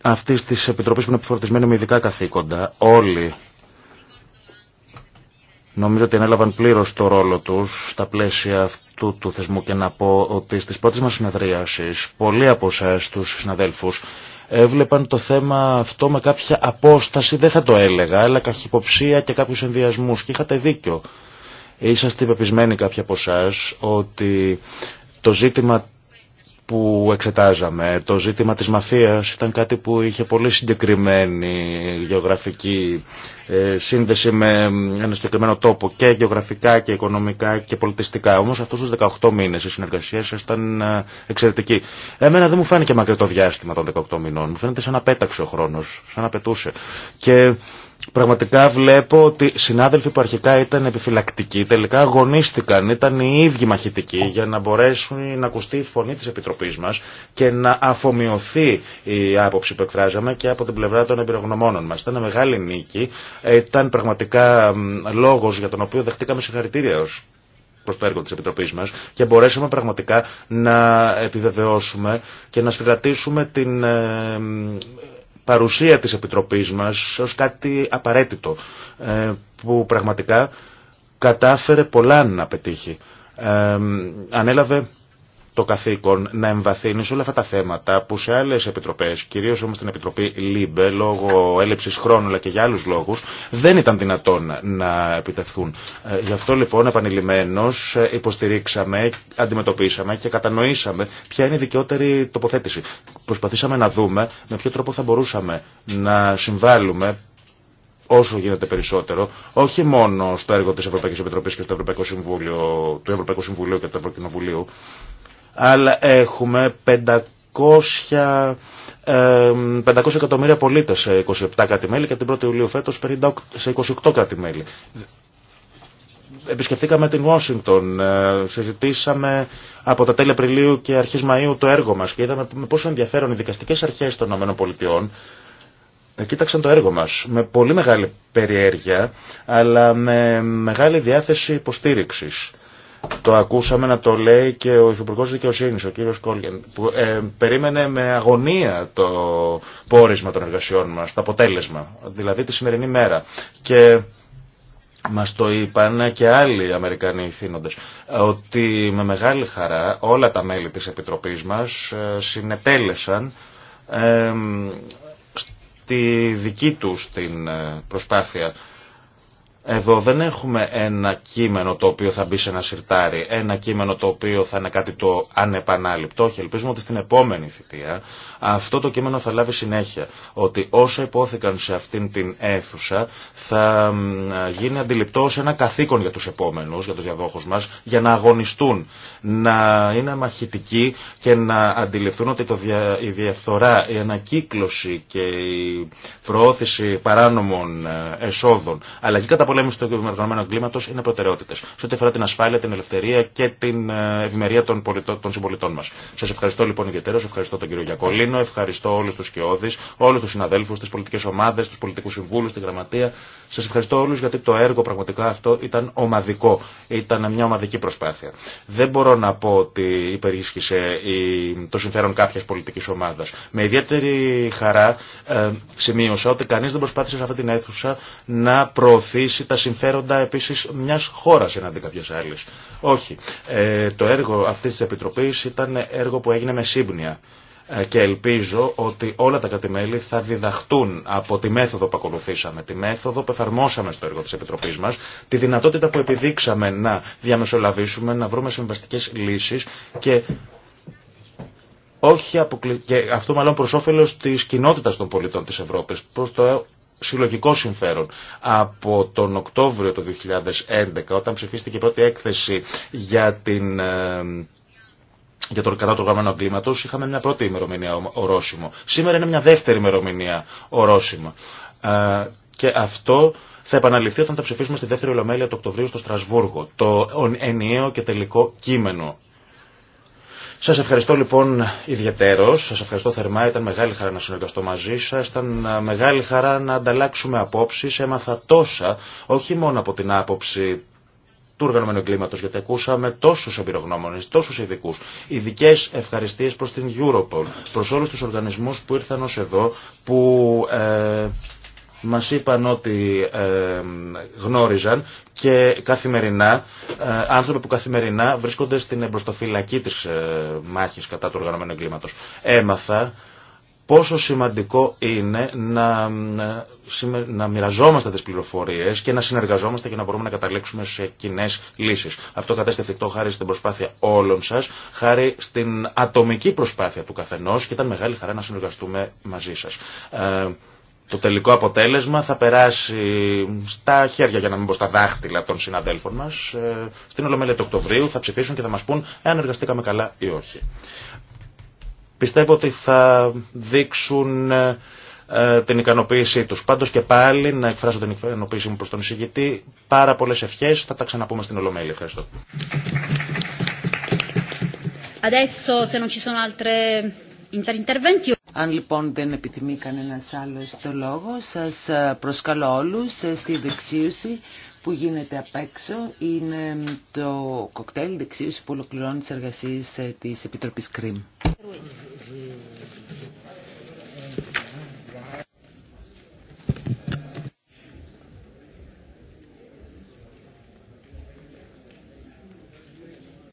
αυτή τη Επιτροπή που είναι επιφορτισμένη με ειδικά καθήκοντα. Όλοι νομίζω ότι ανέλαβαν πλήρω το ρόλο του στα πλαίσια αυτού του θεσμού και να πω ότι στι πρώτε μα συνεδρίασει πολλοί από εσά, του συναδέλφου, έβλεπαν το θέμα αυτό με κάποια απόσταση, δεν θα το έλεγα, αλλά καχυποψία και κάποιου ενδιασμού. Και είχατε δίκιο. Είσαστε υπεπισμένοι κάποιοι από εσά ότι το ζήτημα που εξετάζαμε, το ζήτημα της μαφίας ήταν κάτι που είχε πολύ συγκεκριμένη γεωγραφική ε, σύνδεση με ένα συγκεκριμένο τόπο και γεωγραφικά και οικονομικά και πολιτιστικά. Όμως αυτούς τους 18 μήνες η συνεργασία σας ήταν ε, εξαιρετική. Εμένα δεν μου φάνηκε μακριτό διάστημα των 18 μηνών. Μου φαίνεται σαν να πέταξε ο χρόνος, σαν να πετούσε. Και Πραγματικά βλέπω ότι συνάδελφοι που αρχικά ήταν επιφυλακτικοί, τελικά αγωνίστηκαν, ήταν οι ίδιοι μαχητικοί για να μπορέσουν να ακουστεί η φωνή της Επιτροπής μας και να αφομοιωθεί η άποψη που εκφράζαμε και από την πλευρά των εμπειρογνωμόνων μας. Ήταν μεγάλη νίκη, ήταν πραγματικά λόγος για τον οποίο δεχτήκαμε συγχαρητήρια ως προς το έργο της Επιτροπής μας και μπορέσαμε πραγματικά να επιβεβαιώσουμε και να συγκρατήσουμε την ε, παρουσία της Επιτροπής μας ως κάτι απαραίτητο ε, που πραγματικά κατάφερε πολλά να πετύχει. Ε, ανέλαβε το καθήκον να εμβαθύνει σε όλα αυτά τα θέματα που σε άλλε επιτροπέ, κυρίω όμω στην Επιτροπή ΛΥΜΠΕ, λόγω έλλειψη χρόνου αλλά και για άλλου λόγου, δεν ήταν δυνατόν να επιτευχθούν. Ε, γι' αυτό λοιπόν επανειλημμένω ε, υποστηρίξαμε, αντιμετωπίσαμε και κατανοήσαμε ποια είναι η δικαιότερη τοποθέτηση. Προσπαθήσαμε να δούμε με ποιο τρόπο θα μπορούσαμε να συμβάλλουμε όσο γίνεται περισσότερο, όχι μόνο στο έργο της Ευρωπαϊκής Επιτροπής και στο Ευρωπαϊκό Συμβούλιο, του Ευρωπαϊκού Συμβουλίου και του Ευρωκοινοβουλίου, αλλά έχουμε 500 500 ε, εκατομμύρια πολίτες σε 27 κρατη και την 1η Ιουλίου φέτο σε 28 κράτη-μέλη. Επισκεφτήκαμε την Ουάσινγκτον, ε, συζητήσαμε από τα τέλη Απριλίου και Αρχής Μαΐου το έργο μας και είδαμε με πόσο ενδιαφέρον οι δικαστικές αρχές των ΗΠΑ ε, κοίταξαν το έργο μας με πολύ μεγάλη περιέργεια αλλά με μεγάλη διάθεση υποστήριξης. Το ακούσαμε να το λέει και ο Υφυπουργός Δικαιοσύνη, ο κύριος Κόλγεν, που ε, περίμενε με αγωνία το πόρισμα των εργασιών μας, το αποτέλεσμα, δηλαδή τη σημερινή μέρα. Και μας το είπαν και άλλοι Αμερικανοί ηθήνοντε ότι με μεγάλη χαρά όλα τα μέλη της Επιτροπή μα ε, συνετέλεσαν ε, στη δική τους την ε, προσπάθεια εδώ δεν έχουμε ένα κείμενο το οποίο θα μπει σε ένα σιρτάρι, ένα κείμενο το οποίο θα είναι κάτι το ανεπανάληπτο. Όχι, ελπίζουμε ότι στην επόμενη θητεία αυτό το κείμενο θα λάβει συνέχεια. Ότι όσα υπόθηκαν σε αυτήν την αίθουσα θα γίνει αντιληπτό σε ένα καθήκον για τους επόμενους, για τους διαδόχους μας, για να αγωνιστούν, να είναι μαχητικοί και να αντιληφθούν ότι το δια, η διαφθορά, η ανακύκλωση και η προώθηση παράνομων ε, εσόδων, αλλά και κατά καταπολέμηση του εγκληματικού εγκλήματο είναι προτεραιότητε. Σε ό,τι αφορά την ασφάλεια, την ελευθερία και την ε, ευημερία των, πολιτών, των συμπολιτών μα. Σα ευχαριστώ λοιπόν ιδιαίτερα, ευχαριστώ τον κύριο Γιακολίνο, ευχαριστώ όλου του σκιώδει, όλου του συναδέλφου, τι πολιτικέ ομάδε, του πολιτικού συμβούλου, τη γραμματεία. Σα ευχαριστώ όλου γιατί το έργο πραγματικά αυτό ήταν ομαδικό. Ήταν μια ομαδική προσπάθεια. Δεν μπορώ να πω ότι υπερίσχυσε το συμφέρον κάποια πολιτική ομάδα. Με ιδιαίτερη χαρά ε, σημείωσα ότι κανεί δεν προσπάθησε σε αυτή την αίθουσα να προωθήσει τα συμφέροντα επίσης μιας χώρας εναντί κάποιες άλλες. Όχι. Ε, το έργο αυτής της Επιτροπής ήταν έργο που έγινε με σύμπνοια ε, και ελπίζω ότι όλα τα κρατημέλη θα διδαχτούν από τη μέθοδο που ακολουθήσαμε, τη μέθοδο που εφαρμόσαμε στο έργο της Επιτροπής μας, τη δυνατότητα που επιδείξαμε να διαμεσολαβήσουμε, να βρούμε συμβαστικές λύσεις και όχι αποκλει... και αυτό μάλλον προς όφελος της κοινότητας των πολιτών της Ευρώπης, προς το συλλογικό συμφέρον. Από τον Οκτώβριο του 2011, όταν ψηφίστηκε η πρώτη έκθεση για την ε, για τον κατά του είχαμε μια πρώτη ημερομηνία ορόσημο. Σήμερα είναι μια δεύτερη ημερομηνία ορόσημο. Ε, και αυτό θα επαναληφθεί όταν θα ψηφίσουμε στη δεύτερη ολομέλεια του Οκτωβρίου στο Στρασβούργο. Το ενιαίο και τελικό κείμενο σας ευχαριστώ λοιπόν ιδιαίτερος, σας ευχαριστώ θερμά, ήταν μεγάλη χαρά να συνεργαστώ μαζί σας, ήταν μεγάλη χαρά να ανταλλάξουμε απόψεις, έμαθα τόσα, όχι μόνο από την άποψη του οργανωμένου κλίματος, γιατί ακούσαμε τόσους εμπειρογνώμονες, τόσους ειδικούς, Ειδικέ ευχαριστίες προς την Europol, προς όλους τους οργανισμούς που ήρθαν ω εδώ, που ε, μας είπαν ότι ε, γνώριζαν και καθημερινά, ε, άνθρωποι που καθημερινά βρίσκονται στην εμπροστοφυλακή της ε, μάχης κατά του οργανωμένου εγκλήματος. Έμαθα πόσο σημαντικό είναι να, να, μοιραζόμαστε τις πληροφορίες και να συνεργαζόμαστε και να μπορούμε να καταλήξουμε σε κοινέ λύσεις. Αυτό κατέστη εφικτό χάρη στην προσπάθεια όλων σας, χάρη στην ατομική προσπάθεια του καθενός και ήταν μεγάλη χαρά να συνεργαστούμε μαζί σας. Ε, το τελικό αποτέλεσμα θα περάσει στα χέρια, για να μην πω στα δάχτυλα των συναδέλφων μας, ε, στην Ολομέλεια του Οκτωβρίου, θα ψηφίσουν και θα μας πούν εάν εργαστήκαμε καλά ή όχι. Πιστεύω ότι θα δείξουν ε, ε, την ικανοποίησή τους. πάντω και πάλι να εκφράσω την ικανοποίησή μου προς τον εισηγητή. Πάρα πολλέ ευχέ. Θα τα ξαναπούμε στην Ολομέλεια. Ευχαριστώ. Adesso, se non ci sono altre interventi... Αν λοιπόν δεν επιθυμεί κανένας άλλος το λόγο, σας ε, προσκαλώ όλους ε, στη δεξίωση που γίνεται απ' έξω. Είναι το κοκτέιλ δεξίωση που ολοκληρώνει τις εργασίες ε, της Επιτροπής ΚΡΙΜ.